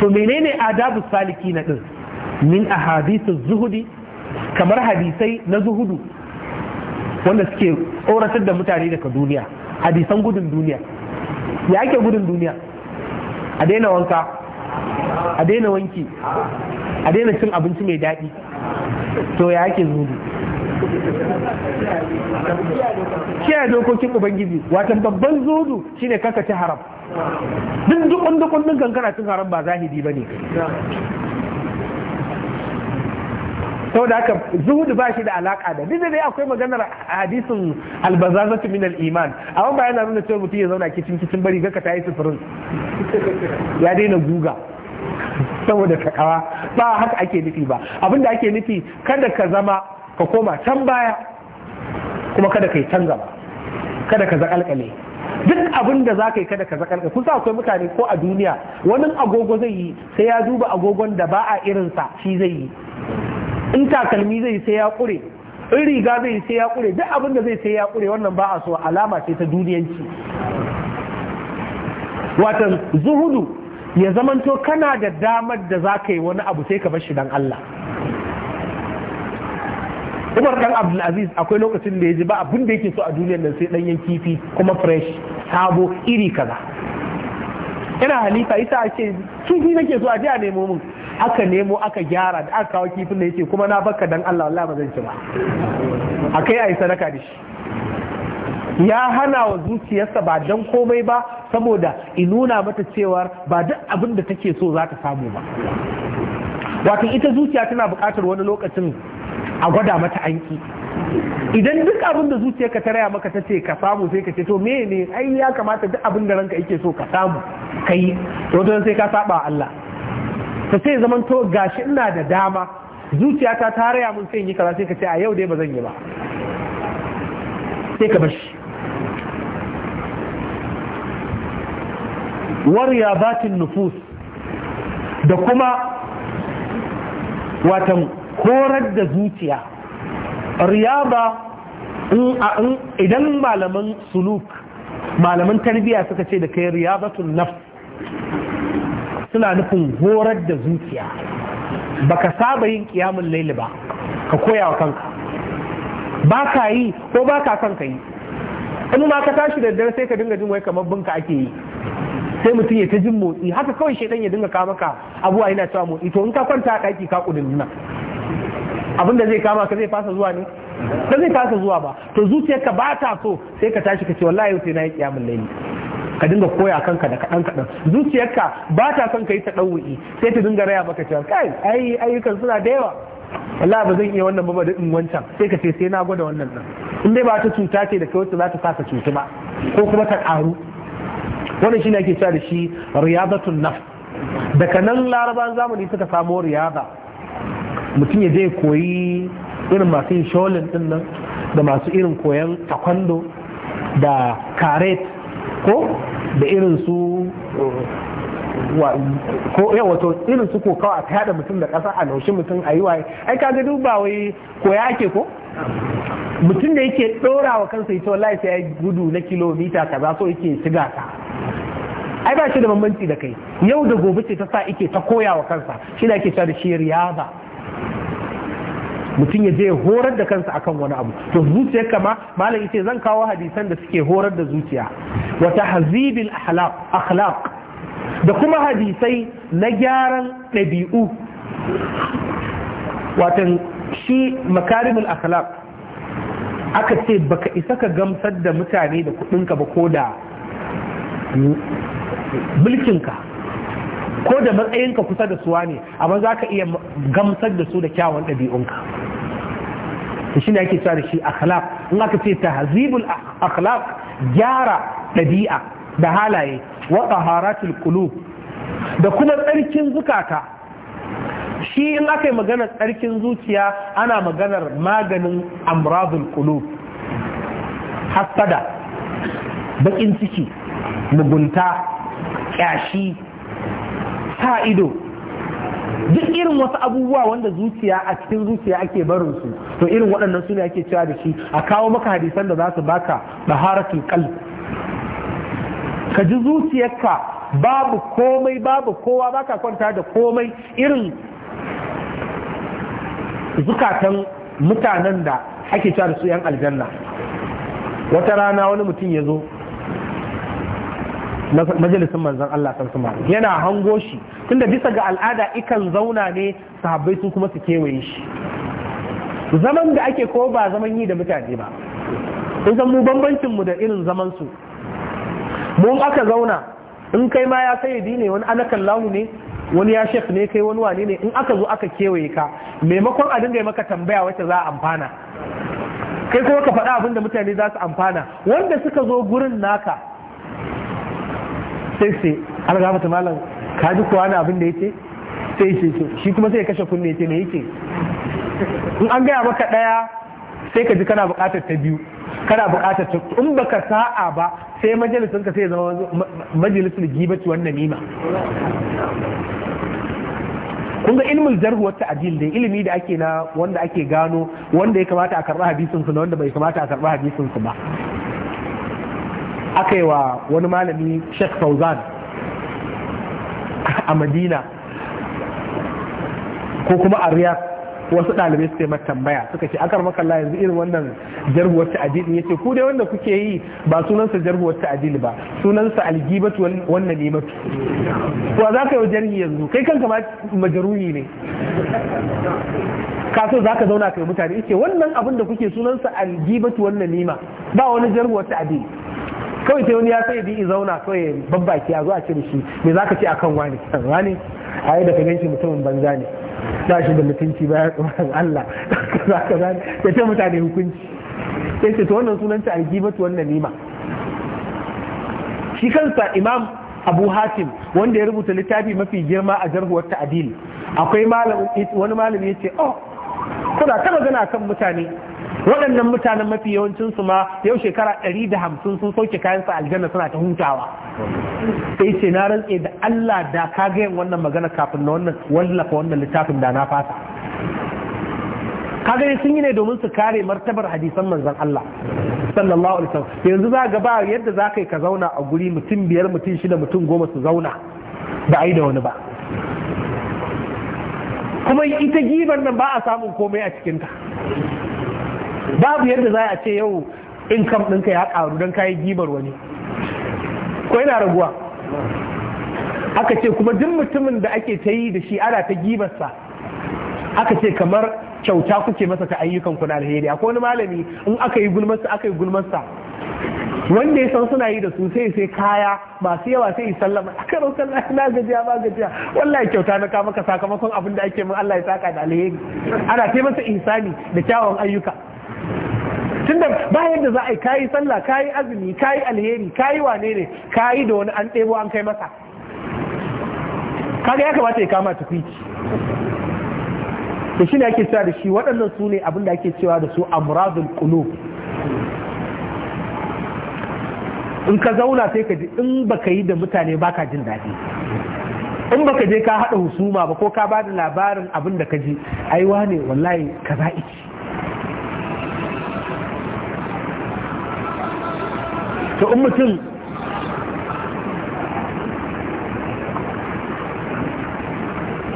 to menene adabu saliki na din min ahadithu zuhudi kamar hadisai na zuhudu wanda suke tsoratar da mutane daga duniya hadisan gudun duniya ya ake gudun duniya a daina wanka a daina wanki a daina cin abinci mai daɗi to ya ake zubi kiyaye dokokin ubangiji watan babban zudu shine kanka ci haram duk dukkan dukkan din kankana cin haram ba zahidi Sau da haka zuhudu ba shi da alaƙa da duk da dai akwai maganar hadisin albazazatu min al-iman A ba yana nuna cewa mutum ya zauna kicin kicin bari ga ka yi sufurin ya daina guga saboda takawa ba haka ake nufi ba abinda ake nufi kada ka zama ka koma can baya kuma kada ka yi can gaba kada ka zakalkale duk abin da za ka yi kada ka zakalkale kusa akwai mutane ko a duniya wani agogo zai yi sai ya duba agogon da ba a irinsa shi zai yi in takalmi zai sai ya kure in riga zai sai ya kure duk abin da zai sai ya kure wannan ba a so alama ce ta duniyanci watan zuhudu ya zamanto kana da damar da za ka yi wani abu sai ka bar shi dan Allah Umar ɗan Abdulaziz akwai lokacin da ya ji ba abin da yake so a duniyar nan sai ɗanyen kifi kuma fresh sabo iri kaza ina halifa ita ake kifi nake so a ji a nemo mun aka nemo aka gyara da aka kawo kifin da yake kuma na baka dan Allah wallahi ba zan ci ba a yi sadaka da shi ya hana wa zuciyarsa ba dan komai ba saboda inuna mata cewar ba duk abin da take so za ta samu ba wato ita zuciya tana buƙatar wani lokacin a gwada mata aiki, idan duk abin da zuciyarka ta raya maka ta ce ka samu sai ka ce to menene ai ya kamata duk abin da ranka yake so ka samu ka to don sai ka saba Allah ta sai zaman to gashi ina da dama zuciyata ta raya mun sai yi kaza sai ka ce a yau dai ba zan yi ba sai ka bashi wariya batin nufus da kuma watan horar da zuciya riyaba idan malaman suluk malaman tarbiyya suka ce da kai riyabatun naf suna nufin horar da zuciya baka saba yin kiyamun laili ba ka koya wa kanka ba ka yi ko ba ka kanka yi in ma ka tashi da dare sai ka dinga jin wai kamar binka ake yi sai mutum ya ta jin motsi haka kawai shaidan ya dinga kawo maka abuwa yana cewa motsi to in ka kwanta a ɗaki ka ƙudin nuna da zai kama ka zai fasa zuwa ne ba zai fasa zuwa ba to zuciyarka ba ta so sai ka tashi ka ce wallahi yau sai na yi kiyamun laili ka dinga koya kanka da kaɗan kaɗan zuciyarka ba ta son ka yi ta ɗauwa'i sai ta dinga raya maka cewa kai ai ayyukan suna da yawa wallahi ba zan iya wannan ba da in wancan sai ka ce sai na gwada wannan ɗin in dai ba ta cuta ce da kai wacce za ta sa ka cutu ba ko kuma ta ƙaru wannan ne ake sa da shi riyadatun naf daga nan laraban zamani suka samo riyada mutum ya je koyi irin masu yin sholin din nan da masu irin koyan takwando da karet ko da irin su ko yau wato irin su kokawa a yada mutum da kasa a naushe mutum a yi waye ai kaga duk ba wai ya ake ko mutum da yake dora wa kansa ita wallahi sai ya gudu na kilomita kaza so yake shiga ka ai ba shi da bambanci da kai yau da gobe ce ta sa ike ta koya wa kansa shi da ake cewa da shi mutum ya je horar da kansa akan wani abu to zuciya kama malam yace zan kawo hadisan da suke horar da zuciya wata hazibil akhlaq akhlaq da kuma hadisai na gyaran ɗabi'u watan shi makarimul akhlaq aka ce baka isa ka gamsar da mutane da kudinka ba ko da mulkinka ko da matsayinka kusa da suwa ne amma za ka iya gamsar da su da kyawun ɗabi'unka to shi ne ake cewa da shi akhlaq in aka ce tahzibul akhlaq gyara ɗabi'a da halaye wa taharatul qulub da kuma tsarkin zukata shi in aka yi maganar tsarkin zuciya ana maganar maganin amradul qulub hasada bakin ciki mugunta kyashi sa ido duk irin wasu abubuwa wanda zuciya a cikin zuciya ake barin su to irin waɗannan suna ne ake cewa da shi a kawo maka hadisan da za su baka da baharatul qalb ka ji zuciyarka babu komai babu kowa baka kwanta da komai irin zukatan mutanen da ake cewa da su 'yan aljanna wata rana wani mutum ya zo majalisin manzan Allah san suma yana hango shi tunda bisa ga al'ada ikan zauna ne sahabbai sun kuma su kewaye shi zaman da ake ko ba zaman yi da mutane ba kun mu bambancin mu da irin zaman su mu aka zauna in kai ma ya sayyidi ne wani anakan lamu ne wani ya shef ne kai wani wane ne in aka zo aka kewaye ka maimakon a dinga maka tambaya wacce za a amfana kai kuma ka faɗa abin da mutane za su amfana wanda suka zo gurin naka sai sai an gafa ta malam ka ji kuwa na abin da yake sai ce shi kuma sai kashe kunne ce ne yake in an gaya maka ɗaya sai ka ji kana buƙatar ta biyu kana bukatar ta in baka sa'a ba sai majalisun ka sai zama majalisul gibaci wannan nima kun ga ilmul jarh wa da dai ilimi da ake na wanda ake gano wanda ya kamata a karba hadisin su da wanda bai kamata a karba hadisin ba aka yi wa wani malami Sheikh Fauzan a Madina ko kuma a Riyadh wasu ɗalibai suka yi mata tambaya suka ce akar makalla yanzu irin wannan jarhuwar ta'adili ya ce ku dai wanda kuke yi ba sunansa jarhuwar ta'adili ba sunansa algibatu wannan ne mafi wa za ka yi jarhi yanzu kai kanka ma majaruni ne ka so za ka zauna kai mutane ce wannan abin da kuke sunansa algibatu wannan nima ba wani jarhuwar ta'adili kawai sai wani ya sai bi zauna kawai babbaki ya zo a ce da shi me za ka ce akan wani wani a da ka ganin mutumin banza ne ba shi da mutunci ba ya tsoron Allah za ka zane ya ce mutane hukunci sai ce to wannan sunanta algibatu wannan nima shi kansa imam abu hatim wanda ya rubuta littafi mafi girma a jarhuwar ta'adil akwai wani malami ya ce oh kuna ta magana kan mutane waɗannan mutanen mafi yawancin su ma yau shekara ɗari da hamsin sun sauke kayan su aljanna suna ta hutawa sai ce na rantse da Allah da ka ga wannan magana kafin na wannan wallafa wannan littafin da na fasa kaga sun yi ne domin su kare martabar hadisan manzon Allah sallallahu alaihi wasallam yanzu za ga ba yadda za kai ka zauna a guri mutum biyar mutum shida mutum goma su zauna ba a da wani ba kuma ita gibar nan ba a samun komai a cikin cikinta babu yadda za a ce yau in ɗin ka ya ƙaru don kayi gibar wani ko yana raguwa aka ce kuma duk mutumin da ake ta yi da shi ana ta gibarsa aka ce kamar kyauta kuke masa ta ayyukan ku na alheri akwai wani malami in aka yi gulmarsa aka yi gulmarsa wanda ya san suna yi da su sai kaya masu yawa sai yi sallama aka na gajiya ba gajiya wallahi kyauta na kama ka sakamakon abin da ake min Allah ya saka da alheri ana taimaka ihsani da kyawawan ayyuka tunda ba yadda za a yi kayi sallah kayi azumi kayi alheri kayi wane ne kayi da wani an ɗebo an kai masa kaga ya kamata ya kama tafi da shi ne ake cewa da shi waɗannan su ne abinda ake cewa da su amuradul kulu in ka zauna sai ka ji in baka yi da mutane baka jin daɗi in baka je ka haɗa husuma ba ko ka ba da labarin abin da ka ji aiwa ne wallahi ka za'ici to in mutum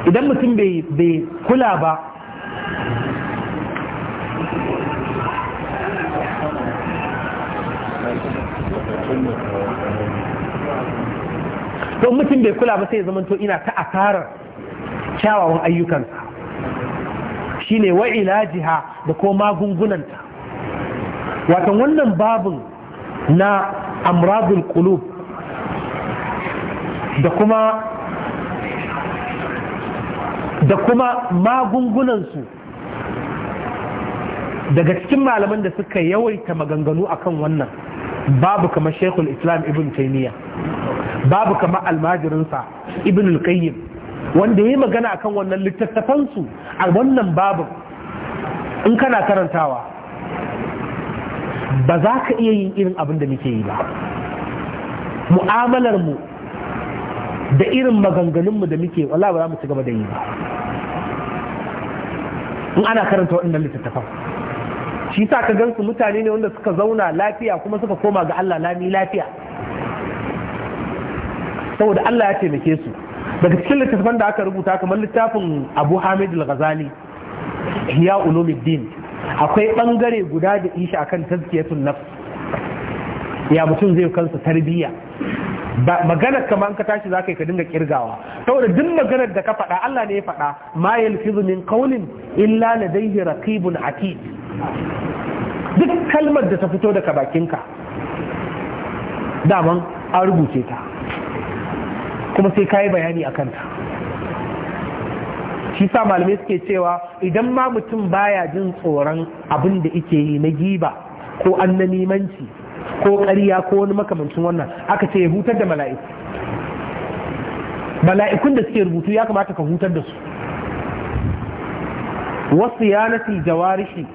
idan mutum bai kula ba mutum bai kula ba sai zama to ina ta asarar kyawawan ayyukansa shine wa ilajiha da ko magungunanta wata wannan babin na amradul qulub da kuma magungunansu daga cikin malaman da suka yawaita maganganu akan wannan babu kamar shekul islam ibn taimiyya babu kamar almajirinsa ibn al-qayyim wanda ya yi magana akan wannan littattafansu a wannan babu in kana karantawa ba za ka iya yin irin abin da muke yi ba mu'amalar mu da irin maganganunmu da muke wala ba za mu ci gaba da yi ba in ana karanta waɗannan littattafan shi sa ka gansu mutane ne wanda suka zauna lafiya kuma suka koma ga Allah lami lafiya saboda Allah ya taimake su daga cikin littattafan da aka rubuta kamar littafin Abu Hamid al-Ghazali Ihya Ulumuddin akwai ɓangare guda da isha akan tazkiyatun nafs ya mutum zai kansa tarbiyya maganar kama an ka tashi za ka ka dinga kirgawa saboda duk maganar da ka faɗa Allah ne ya faɗa ma yalfizu min qawlin illa ladayhi raqibun atid duk kalmar da ta fito daga bakinka daman an rubuce ta kuma sai ka yi bayani a kanta shi sa malamai suke cewa idan ma mutum baya jin tsoron abin da ike yi na giba ko an na nimanci ko ƙarya ko wani makamancin wannan aka ce ya hutar da mala'iku mala'ikun da suke rubutu ya kamata ka hutar da su wasu ya nasi jawarishi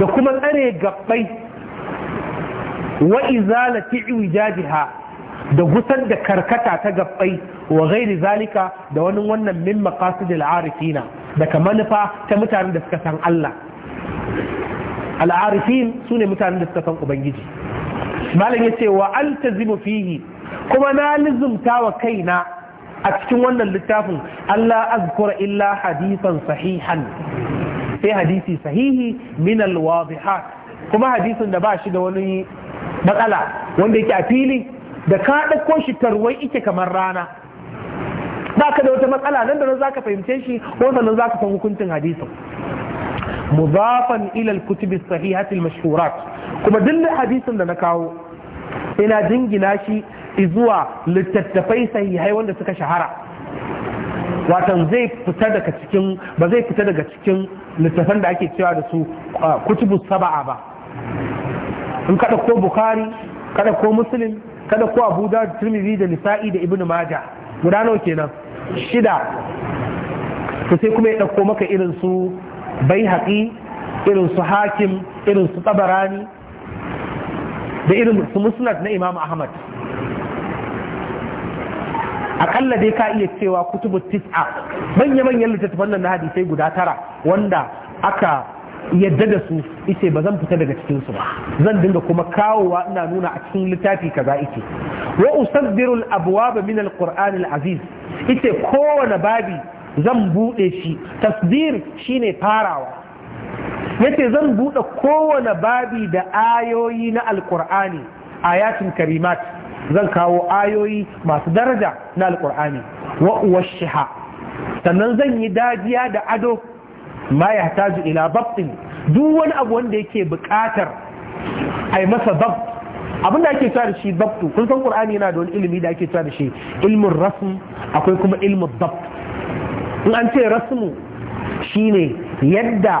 da kuma tsare gabbai wa izalati ijajiha da gusar da karkata ta gabbai wa gairi zalika da wani wannan min maqasidil arifina daga manufa ta mutanen da suka san Allah al'arifin su ne mutanen da suka san ubangiji malam ya ce wa altazimu fihi kuma na lizumta wa kaina a cikin wannan littafin Allah azkura illa hadisan sahihan sai hadisi sahihi min alwadihat kuma hadisin da ba shi da wani matsala wanda yake a fili da ka ɗauko shi tarwai ike kamar rana ba ka da wata matsala nan da nan zaka fahimce shi wanda nan zaka san hukuncin hadisin mudafan ila al-kutub as-sahihah al-mashhurat kuma duk hadisin da na kawo ina jingina shi zuwa littattafai sahihai wanda suka shahara watan zai fita daga cikin ba zai fita daga cikin littattafan da ake cewa da su kutubu saba'a ba in ka ko bukhari ka ko muslim kada ko abu da tirmidhi da nisa'i da Ibn maja guda nawa kenan shida to sai kuma ya ɗauko maka irin su baihaqi irin su hakim irin su tabarani da irin su musnad na imam ahmad akalla dai ka iya cewa kutubu tis'a manya-manyan littattafan nan na hadisai guda tara wanda aka yadda da su ice ba zan fita daga cikin su ba zan dinga kuma kawowa ina nuna a cikin littafi kaza ike wa usabbiru al-abwab min al-qur'an al-aziz ice kowane babi zan bude shi tasbir shine farawa yace zan bude kowane babi da ayoyi na al-qur'ani ayatin karimat zan kawo ayoyi masu daraja na al-qur'ani wa sannan zan yi dajiya da ado ma ya hataju ila duk wani abu wanda yake bukatar a yi masa bab abin da ake tsari da shi babtu kun san qur'ani yana da wani ilimi da ake tsari da shi ilmin rasmi akwai kuma ilmin babtu. in an ce rasmu shine yadda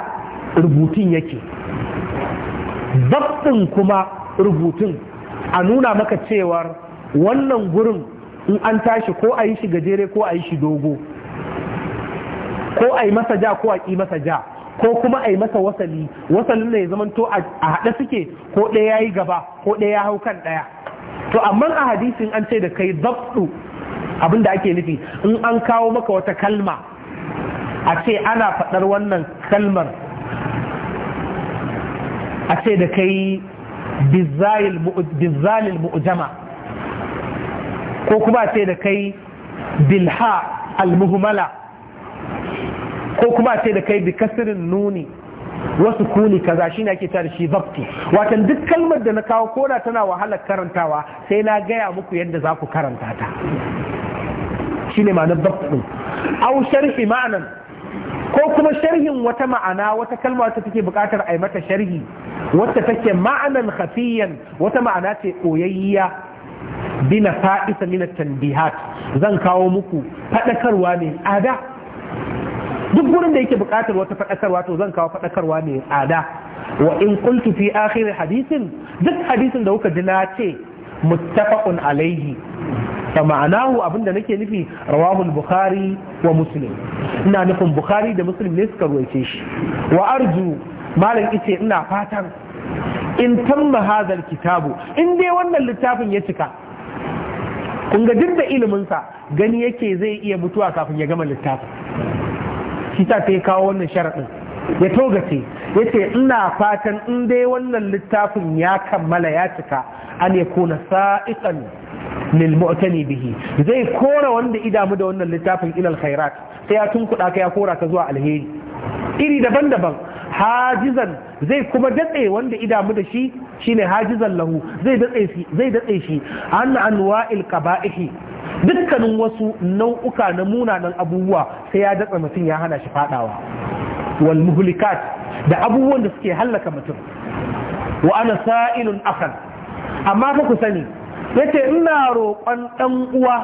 rubutun yake babtin kuma rubutun a nuna maka cewar wannan gurin in an tashi ko a yi shi gajere ko a yi shi dogo ko a yi masa ja ko a ƙi masa ja ko kuma a yi masa wasali wasali da ya zamanto a haɗe suke ko ɗaya ya yi gaba ko ɗaya ya hau kan ɗaya to amma a hadisin an ce da kai zabtu abin da ake nufi in an kawo maka wata kalma a ce ana faɗar wannan kalmar a ce da kai bizalil mu'jama ko kuma a ce da kai bilha al-muhmala ko kuma ce da kai bi kasirin nuni wasu kuni kaza shi ne ake cewa da shi zabti watan duk kalmar da na kawo koda tana wahalar karantawa sai na gaya muku yadda za ku karanta ta shine ne ma'anar zabti au sharhi ma'anan ko kuma sharhin wata ma'ana wata kalma wata take buƙatar a yi mata sharhi wata take ma'anan khafiyan wata ma'ana ce koyayya bina fa'isa mina tanbihat zan kawo muku faɗakarwa mai tsada duk gurin da yake buƙatar wata faɗakarwa to zan kawo faɗakarwa mai tsada wa in qultu fi akhir hadisin duk hadisin da kuka ji na ce muttafaqun alaihi fa ma'anahu abinda nake nufi rawahu bukhari wa muslim ina nufin bukhari da muslim ne suka ruwaice shi wa arju malam ice ina fatan in tamma hadha kitabu in dai wannan littafin ya cika kun ga duk da sa gani yake zai iya mutuwa kafin ya gama littafin shi ta ta kawo wannan sharaɗin ya togace ya ce ina fatan in dai wannan littafin ya kammala ya cika an ya kuna sa'iƙan lil bihi zai kora wanda idamu da wannan littafin ilal khairat sai ya tunkuɗa ka ya kora ka zuwa alheri iri daban-daban hajizan zai kuma datse wanda idamu da shi shine hajizan lahu zai datse shi an anwa'il qaba'ihi dukkanin wasu nau'uka na munanan abubuwa sai ya datsa mutum ya hana shi fadawa wal muhlikat da abubuwan da suke hallaka mutum wa ana sa'ilun akan amma fa ku sani yace ina roƙon dan uwa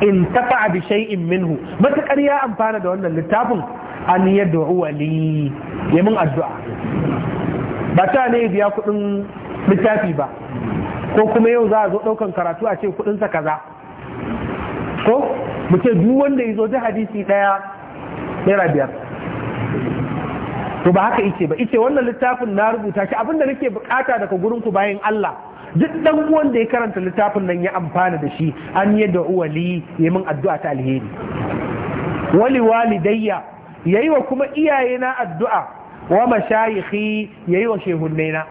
in tafa bi shay'in minhu matakar ya amfana da wannan littafin an yad'u li ya mun addu'a ba ta ne biya kuɗin littafi ba ko kuma yau za a zo ɗaukan karatu a ce kuɗinsa kaza ko mu ce duk wanda ya zo hadisi daya naira biyar to ba haka ice ba ice wannan littafin na rubuta shi abinda nake bukata daga gurin ku bayan Allah duk dan uwan da ya karanta littafin nan ya amfana da shi an yi da wali ya min addu'a ta alheri wali walidayya yayi wa kuma iyayena addu'a wa mashayikhi yayi wa shehunnaina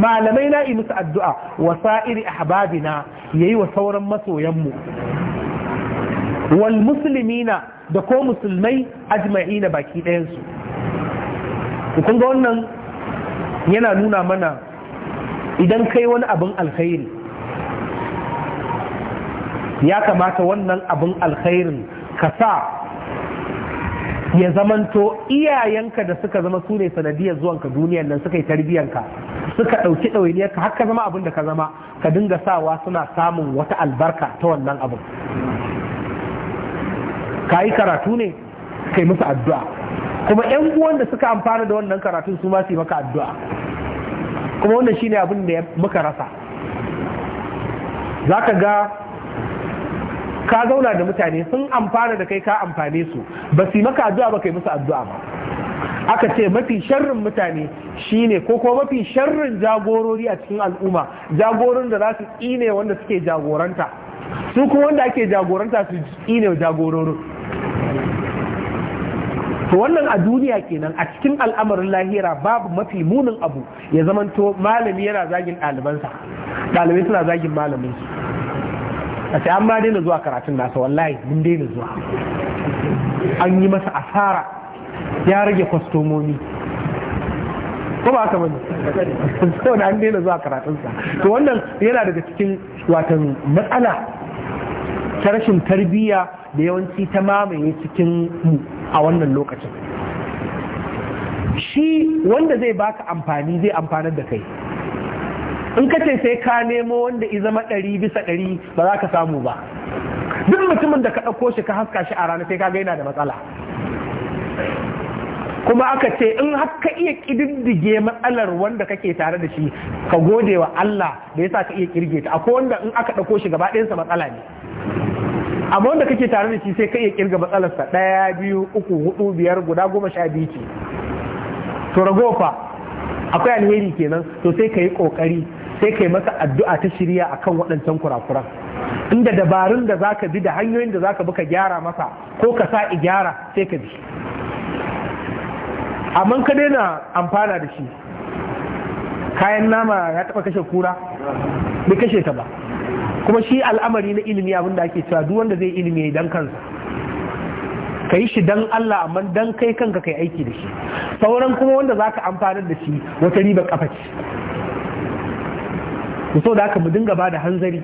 malamai na yi musu addu'a wa sa'iri ahbabina yayi wa sauran masoyan mu wal muslimina da ko musulmai ajma'i na baki ɗayansu kun ga wannan yana nuna mana idan kai wani abin alkhairi ya kamata wannan abin alkhairin ka sa ya zamanto iyayenka da suka zama su ne sanadiyar zuwanka duniyar nan suka yi ka suka ɗauki ɗauniyarka har ka zama abin da ka zama ka dinga sawa suna samun wata albarka ta wannan abin ka yi karatu ne kai musu addu'a kuma yan uwan da suka amfana da wannan karatun su ma su yi maka addu'a kuma wannan shine abin da muka rasa za ka ga ka zauna da mutane sun amfana da kai ka amfane su ba su yi maka addu'a ba kai musu addu'a ba aka ce mafi sharrin mutane shine ko kuma mafi sharrin jagorori a cikin al'umma jagorin da za su ƙine wanda suke jagoranta su kuma wanda ake jagoranta su ƙine jagororin to wannan a duniya kenan a cikin al'amarin lahira babu mafi munin abu ya to malami yana zagin ɗalibansa ɗalibai suna zagin malamin su a sai an ma daina zuwa karatun nasa wallahi mun daina zuwa an yi masa asara ya rage kwastomomi ko ba haka bane saboda an daina zuwa karatun sa. to wannan yana daga cikin watan matsala ta rashin tarbiyya da yawanci ta mamaye cikin mu a wannan lokacin shi wanda zai baka amfani zai amfanar da kai in ka ce sai ka nemo wanda i zama ɗari bisa ɗari ba za ka samu ba duk mutumin da ka ɗauko shi ka haska shi a rana sai ka gaina da matsala kuma aka ce in har iya ƙididdige matsalar wanda kake tare da shi ka gode wa Allah da yasa ka iya kirge ta akwai wanda in aka ɗauko shi gaba ɗayansa matsala ne amma wanda kake tare da shi sai ka iya kirga matsalarsa ɗaya biyu uku hudu biyar guda goma sha biyu ce to ragofa akwai alheri kenan to sai ka yi ƙoƙari sai ka yi masa addu'a ta shirya akan waɗancan kurakuran inda dabarun da zaka bi da hanyoyin da zaka bi ka gyara masa ko ka sa i gyara sai ka bi amma ka daina amfana da shi kayan nama ya taɓa kashe kura bai kashe ta ba kuma shi al'amari na ilimi abin da ake cewa duk wanda zai ilimi dan kansa ka yi shi dan Allah amma dan kai kanka kai aiki da shi sauran kuma wanda za ka amfanar da shi wata riba kafa ce so da aka mu dinga ba da hanzari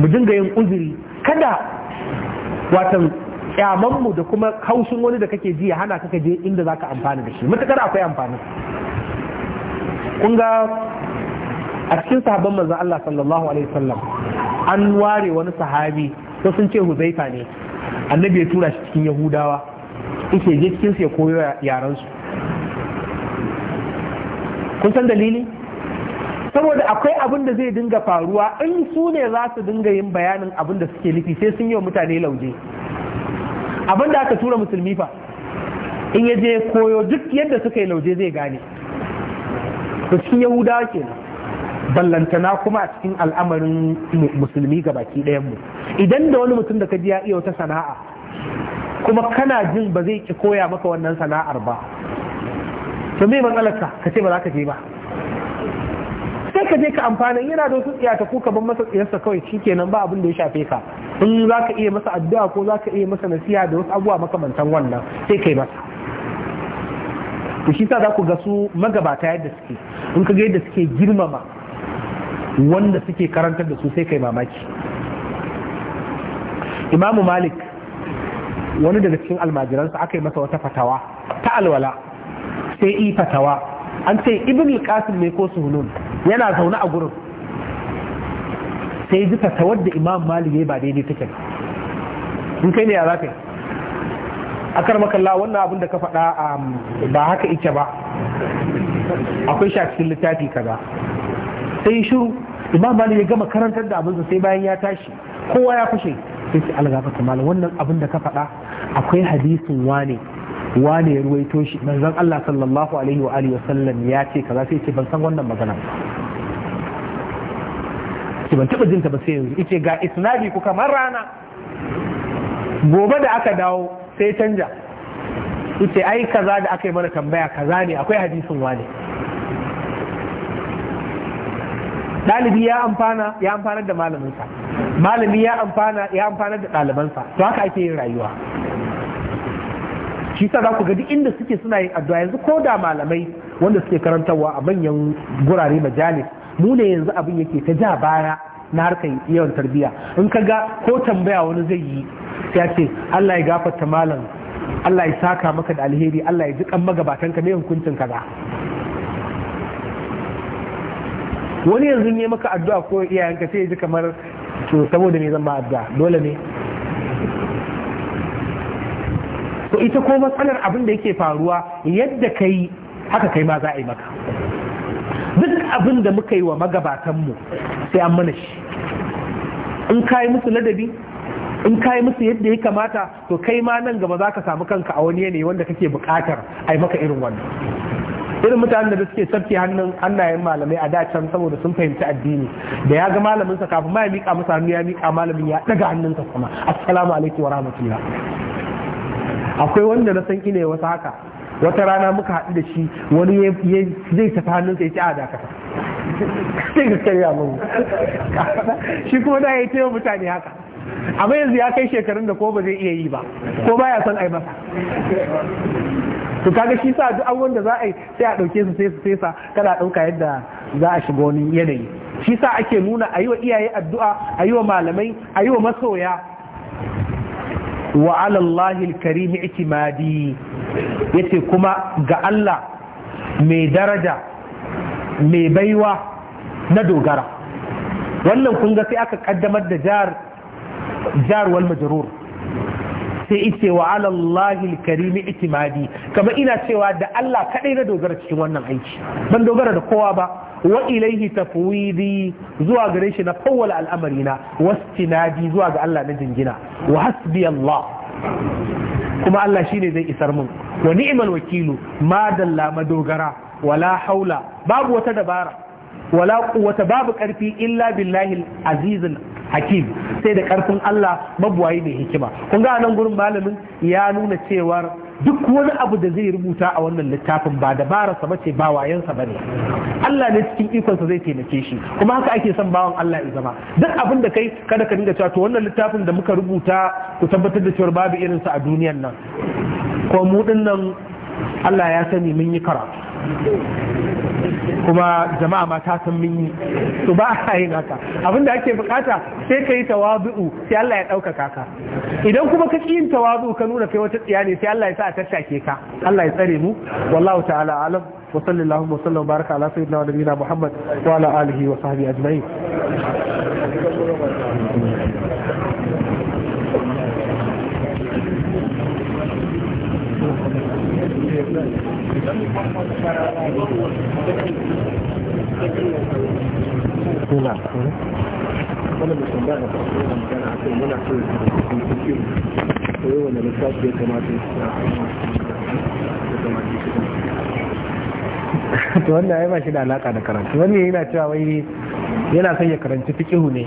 mu dinga yin uzuri kada watan kyamanmu da kuma haushin wani da kake ji ya hana kaka je inda za ka amfana da shi matukar akwai amfani kun ga a cikin sahabban manzon Allah sallallahu alaihi wasallam an ware wani sahabi to sun ce huzaifa ne annabi ya tura shi cikin yahudawa yake je cikin su ya koyo yaran su kun san dalili saboda akwai abin da zai dinga faruwa in su ne za su dinga yin bayanin abin da suke nufi sai sun yi wa mutane lauje abin da aka tura musulmi fa in ya je koyo duk yadda suka yi lauje zai gane to cikin yahudawa kenan ballantana kuma a cikin al'amarin musulmi ga baki mu. idan da wani mutum da ka ji ya iya wata sana'a kuma kana jin ba zai ki koya maka wannan sana'ar ba to me matsalarka ka ce ba za ka je ba sai ka je ka amfana yana da wasu tsiyata ko ka ban masa tsiyarsa kawai shi kenan ba abin da ya shafe ka in za ka iya masa addu'a ko za ka iya masa nasiha da wasu abubuwa makamantan wannan sai kai masa to shi sa za ku ga su magabata yadda suke in ka ga yadda suke girmama wanda suke karantar da su sai kai mamaki imamu malik wani daga cikin almajiransa aka yi masa wata fatawa ta alwala sai yi fatawa an ce ibn al-qasim ne ko sunun yana zaune a gurin sai ji fatawar da imam malik ya ba daidai take in kai ne ya zaka a karmakalla wannan abin da ka faɗa um, ba haka ike ba akwai shafi cikin littafi kaza sai shiru imam Ali ya gama karantar da abinsa sai bayan ya tashi kowa ya fashe sai sai algafa ta malam wannan abin da ka faɗa akwai hadisin wane wane ya ruwaito shi manzon Allah sallallahu alaihi wa alihi wasallam ya ce kaza sai ce ban san wannan magana ce ban taba jinta ba sai yanzu yace ga isnadi ku kamar rana gobe da aka dawo sai canja yace ai kaza da aka yi mana tambaya kaza ne akwai hadisin wane ɗalibi ya amfana ya amfanar da malaminsa malami ya amfana ya amfanar da ɗalibansa to haka ake yin rayuwa shi sa za ku ga duk inda suke suna yin addu'a yanzu ko da malamai wanda suke karantarwa a manyan gurare majalis mu ne yanzu abin yake ta ja baya na harkar yawan tarbiyya in ka ga ko tambaya wani zai yi ya ce Allah ya gafarta malam Allah ya saka maka da alheri Allah ya ji kan magabatan ka ne hukuncin kaza wani yanzu ne maka addu'a ko iyayenka sai ji kamar to saboda me zan addu'a dole ne to ita ko matsalar abin da yake faruwa yadda ka haka kai ma za a yi maka duk abin da muka yi wa magabatanmu sai an mana shi in ka yi musu ladabi in ka yi musu yadda ya kamata to kai ma nan gaba za ka samu kanka a wani yanayi wanda kake bukatar a yi maka irin wannan irin mutanen da suke tsafke hannun hannayen malamai a dacan saboda sun fahimci addini da ya ga malamin sa kafin ma ya mika masa hannu ya mika malamin ya daga hannun sa sama assalamu alaikum wa rahmatullah akwai wanda na san kine wasu haka wata rana muka haɗu da shi wani zai tafi hannunsa ya ci a dakata sai ga karya mu shi kuma da ya yi wa mutane haka amma yanzu ya kai shekarun da ko ba zai iya yi ba ko baya son ai masa to kaga shi sa duk abubuwan da za a yi sai a ɗauke su sai su fesa kada a ɗauka yadda za a shiga wani yanayi shi sa ake nuna a yi wa iyaye addu'a a yi wa malamai a yi wa masoya wa alallahi alkarimi itimadi yace kuma ga Allah mai daraja mai baiwa na dogara wannan kun ga sai aka kaddamar da jar jar wal majrur sai ice wa alallahi karimi itimadi kamar ina cewa da Allah kadai na dogara cikin wannan aiki ban dogara da kowa ba wa ilaihi tafwidi zuwa gare shi na fawwala al'amarina na wastinadi zuwa ga Allah na jingina wa hasbi Allah kuma Allah shine zai isar mun wa ni'mal wakilu ma dalla madogara wala haula babu wata dabara wala quwwata babu karfi illa billahi al-azizul hakim sai da karfin Allah mabuwayi mai hikima kun ga nan gurin malamin ya nuna cewar duk wani abu da zai rubuta a wannan littafin ba dabararsa ba bace ba wayansa ba ne Allah ne cikin ikonsa zai taimake shi kuma haka ake son bawan Allah in zama duk abin da kai kada ka dinga cewa to wannan littafin da muka rubuta ku tabbatar da cewa babu irin irinsa a duniyar nan ko mu din nan Allah ya sani mun yi karatu kuma jama'a ma ta san mun yi to ba a yin haka abinda ake bukata sai ka yi tawazu'u sai Allah ya ɗaukaka ka idan kuma ka yin tawazu'u ka nuna kai wata tsiya ne sai Allah ya sa a tattake ka Allah ya tsare mu wallahu ta'ala alam wa sallallahu wa sallam baraka ala sayyidina wa nabiyina Muhammad wa ala alihi wa sahbihi ajma'in Na'am. Wannan mutum ba da farko da magana a ya kamata ya to wannan ya ba shi da alaka da karatu wannan yana cewa wai yana son ya karanci fikihu ne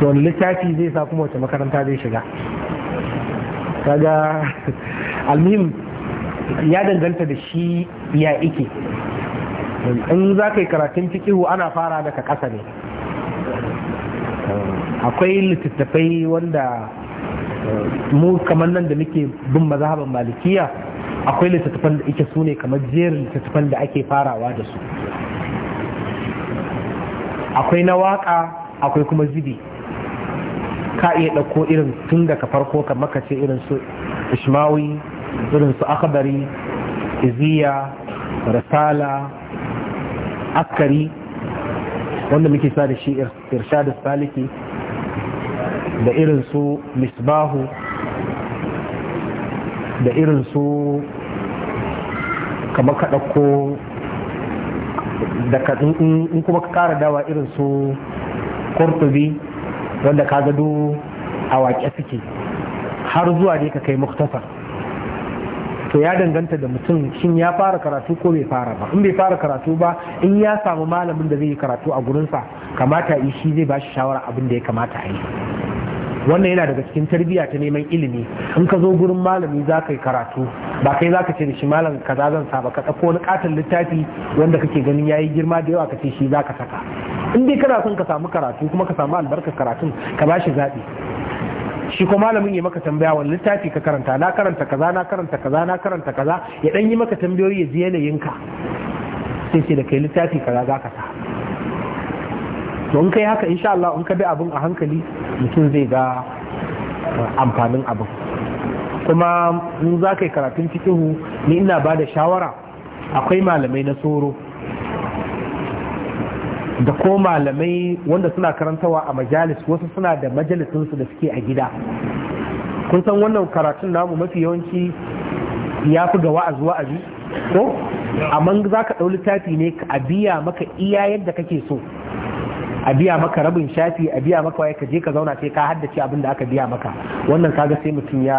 to wani littafi zai sa kuma wace makaranta zai shiga kaga almihim ya danganta da shi ya ike in za ka yi karatun fikihu ana fara daga ƙasa ne akwai littattafai wanda mu kamar nan da muke bin mazhaban malikiya akwai littattafan da ike su ne kamar jerin littattafan da ake farawa da su akwai na waka akwai kuma zibi ka iya ɗauko irin tun daga farko kamar ka ce irin su ishmawi irin su akabari iziya Rasala, akari wanda muke sa da shi irshadus saliki da irin su misbahu da irin su kamar ka in kuma ka ƙara dawa irin su kurtubi wanda ka gado a wake suke har zuwa ne ka kai muktasar to ya danganta da mutum shin ya fara karatu ko bai fara ba in bai fara karatu ba in ya samu malamin da zai yi karatu a gurinsa kamata yi shi zai ba shi shawara abin da ya kamata a yi wannan yana daga cikin tarbiyya ta neman ilimi in ka zo gurin malami za ka yi karatu ba kai za ka ce da shi malam kaza zan sa ba ka tsako wani katon littafi wanda kake ganin ya yi girma da yawa ka ce shi za ka saka in dai kana son ka samu karatu kuma ka samu albarkar karatun ka ba shi zaɓi shi ko malamin ya maka tambaya wani littafi ka karanta na karanta kaza na karanta kaza na karanta kaza ya dan yi maka tambayoyi ya ji yinka sai sai da kai littafi kaza za ka to in kai haka insha Allah in ka bi abin a hankali mutum zai ga amfanin abin kuma in za ka yi karatun fikihu ni ina ba da shawara akwai malamai na tsoro da ko malamai wanda suna karantawa a majalis wasu suna da majalisinsu da suke a gida kun san wannan karatun namu mafi yawanci ya fi ga wa'azi wa'azi ko amma za ka ɗau littafi ne a biya maka iya yadda kake so a biya maka rabin shafi a biya maka waye ka je ka zauna sai ka haddace abin da aka biya maka wannan kaga sai mutum ya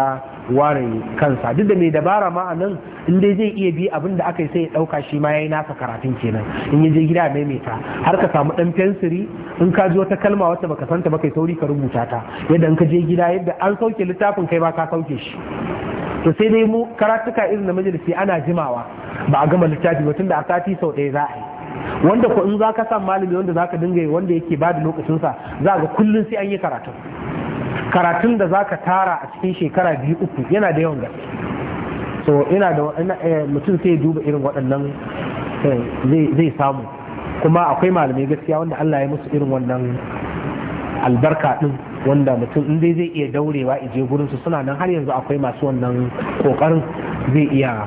ware kansa duk da mai dabara ma anan in dai zai iya bi abin da aka yi sai ya dauka shi ma yayi nasa karatun kenan in ya je gida maimaita har ka samu dan fensiri in ka ji wata kalma wacce baka santa ba kai sauri ka rubuta ta yadda in ka je gida yadda an sauke littafin kai ba ka sauke shi to sai dai mu karatuka irin na majalisi ana jimawa ba a gama littafi ba tunda a sati sau ɗaya za a yi wanda ko in za ka san malami wanda za ka dinga yi wanda yake ba da lokacinsa za ga kullum sai an yi karatu karatun da za ka tara a cikin shekara biyu uku yana da yawan gaske so ina da eh, mutum sai duba irin waɗannan eh, zai samu kuma akwai malamai gaskiya wanda Allah ya musu irin wannan albarka din wanda mutum in dai zai iya daurewa ije gurin su suna nan har yanzu akwai masu wannan kokarin zai iya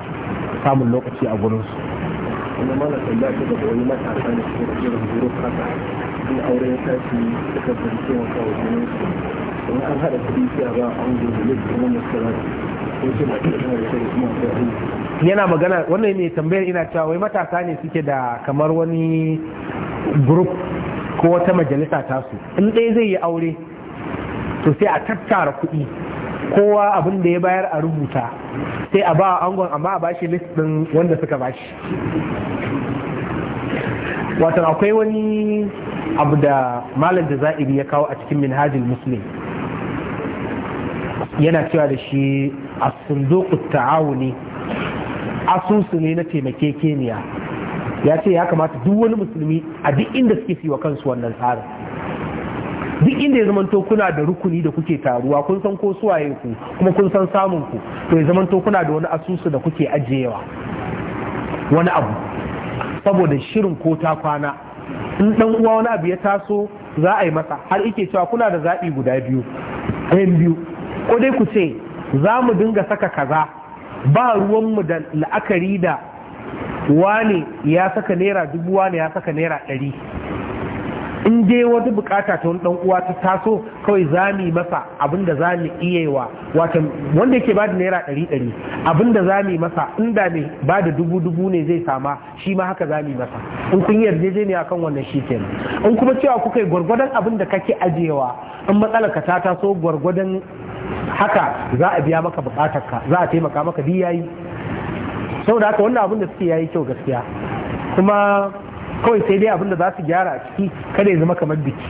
samun lokaci a gurin su kuma mana tambaya ta daga wani matasa da suke jiran zuru haka sun aure ya tashi suka zarce wa kawo jini su don an haɗa kuɗi siya ba an gudu ne kuma muskara ko ce ba ta da shi kuma ta yana magana wannan ne tambayar ina cewa wai matasa ne suke da kamar wani group ko wata majalisa tasu in ɗaya zai yi aure to sai a tattara kuɗi kowa abin da ya bayar a rubuta sai a ba angon amma a bashi list din wanda suka bashi wato akwai wani abu da malam da za'iri ya kawo a cikin minhajin muslim yana cewa da shi a sunduku ta'awuni asusu ne na taimake taimakekeniya ya ce ya kamata duk wani musulmi a duk inda suke siwa kansu wannan tsarin duk inda ya zamanto kuna da rukuni da kuke taruwa kun san ko suwaye ku kuma kun san samun ku to ya zamanto kuna da wani asusu da kuke ajiyewa wani abu saboda shirin ko ta kwana in dan uwa wani abu ya taso za a yi masa har ike cewa kuna da zaɓi guda biyu ɗayan biyu ko dai ku ce za mu dinga saka kaza ba ruwanmu da la'akari da wane ya saka naira dubu wane ya saka naira ɗari in dai wata bukata ta wani dan uwa ta taso kawai za mu yi masa abinda mu iya yi wa wata wanda yake bada naira ɗari ɗari abinda yi masa inda ne da dubu dubu ne zai sama shi ma haka za yi masa in kun yi yarjejeniya kan wannan shi kenan in kuma cewa kuka yi gwargwadon abin da kake ajiyewa in matsalar ka ta taso gwargwadon haka za a biya maka bukatarka za a taimaka maka biyayi saboda haka wannan abin da suke yayi kyau gaskiya kuma kawai sai dai abinda za su gyara a ciki kada ya zama kamar biki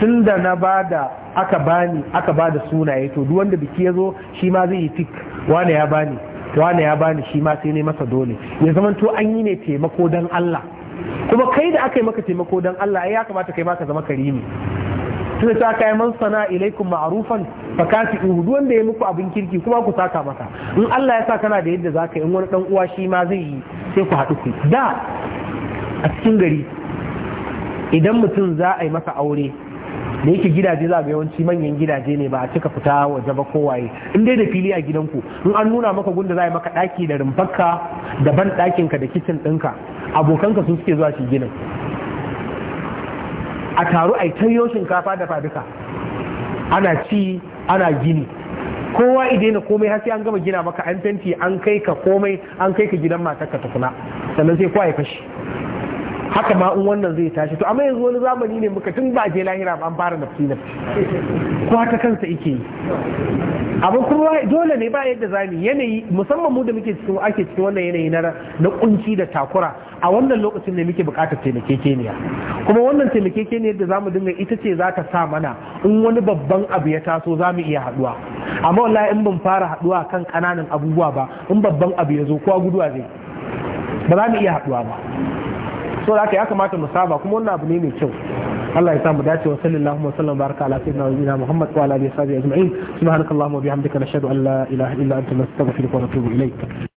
tun da na ba da aka bani aka ba da sunaye to duk wanda biki ya zo shi ma zai yi tik wane ya bani wane ya bani shi ma sai ne masa dole ya zama to an yi ne taimako don Allah kuma kai da aka yi maka taimako don Allah ya kamata kai ma ka zama karimi tunda ta kai man sana ilaikum ma'rufan fa kafi duk wanda ya muku abin kirki kuma ku saka masa in Allah ya sa kana da yadda zaka in wani dan uwa shi ma zai yi sai ku haɗu ku da a cikin gari idan mutum za a yi masa aure da yake gidaje za ga yawanci manyan gidaje ne ba a cika fita waje ba kowaye in dai da fili a gidanku in an nuna maka gunda za a yi maka daki da rumfarka da ban ka da kicin ɗinka abokanka sun suke zuwa shi ginin a taru a tayyo shinkafa da faduka ana ci ana gini kowa na komai har sai an gama gina maka an tanti an kai ka komai an kai ka gidan matarka ta kuna sannan sai kowa ya fashi haka ma in wannan zai tashi to amma yanzu wani zamani ne muka tun ba je lahira ba an fara nafsi na ko ta kansa yake yi abin kuma dole ne ba yadda zani yanayi musamman mu da muke cikin ake cikin wannan yanayi na kunci da takura a wannan lokacin ne muke buƙatar taimakekeniya kuma wannan taimakekeniyar da zamu dinga ita ce za ta sa mana in wani babban abu ya taso za mu iya haduwa amma wallahi in ban fara haduwa kan kananan abubuwa ba in babban abu ya zo kowa guduwa zai ba za mu iya haduwa ba so da ya kamata mu saba kuma wannan abu ne mai kyau Allah ya sa mu dace wa sallallahu wa sallam baraka ala sayyidina wa nabiyina Muhammad wa ala alihi wa sahbihi ajma'in subhanakallahumma wa bihamdika nashhadu an la ilaha illa anta nastaghfiruka wa natubu ilayk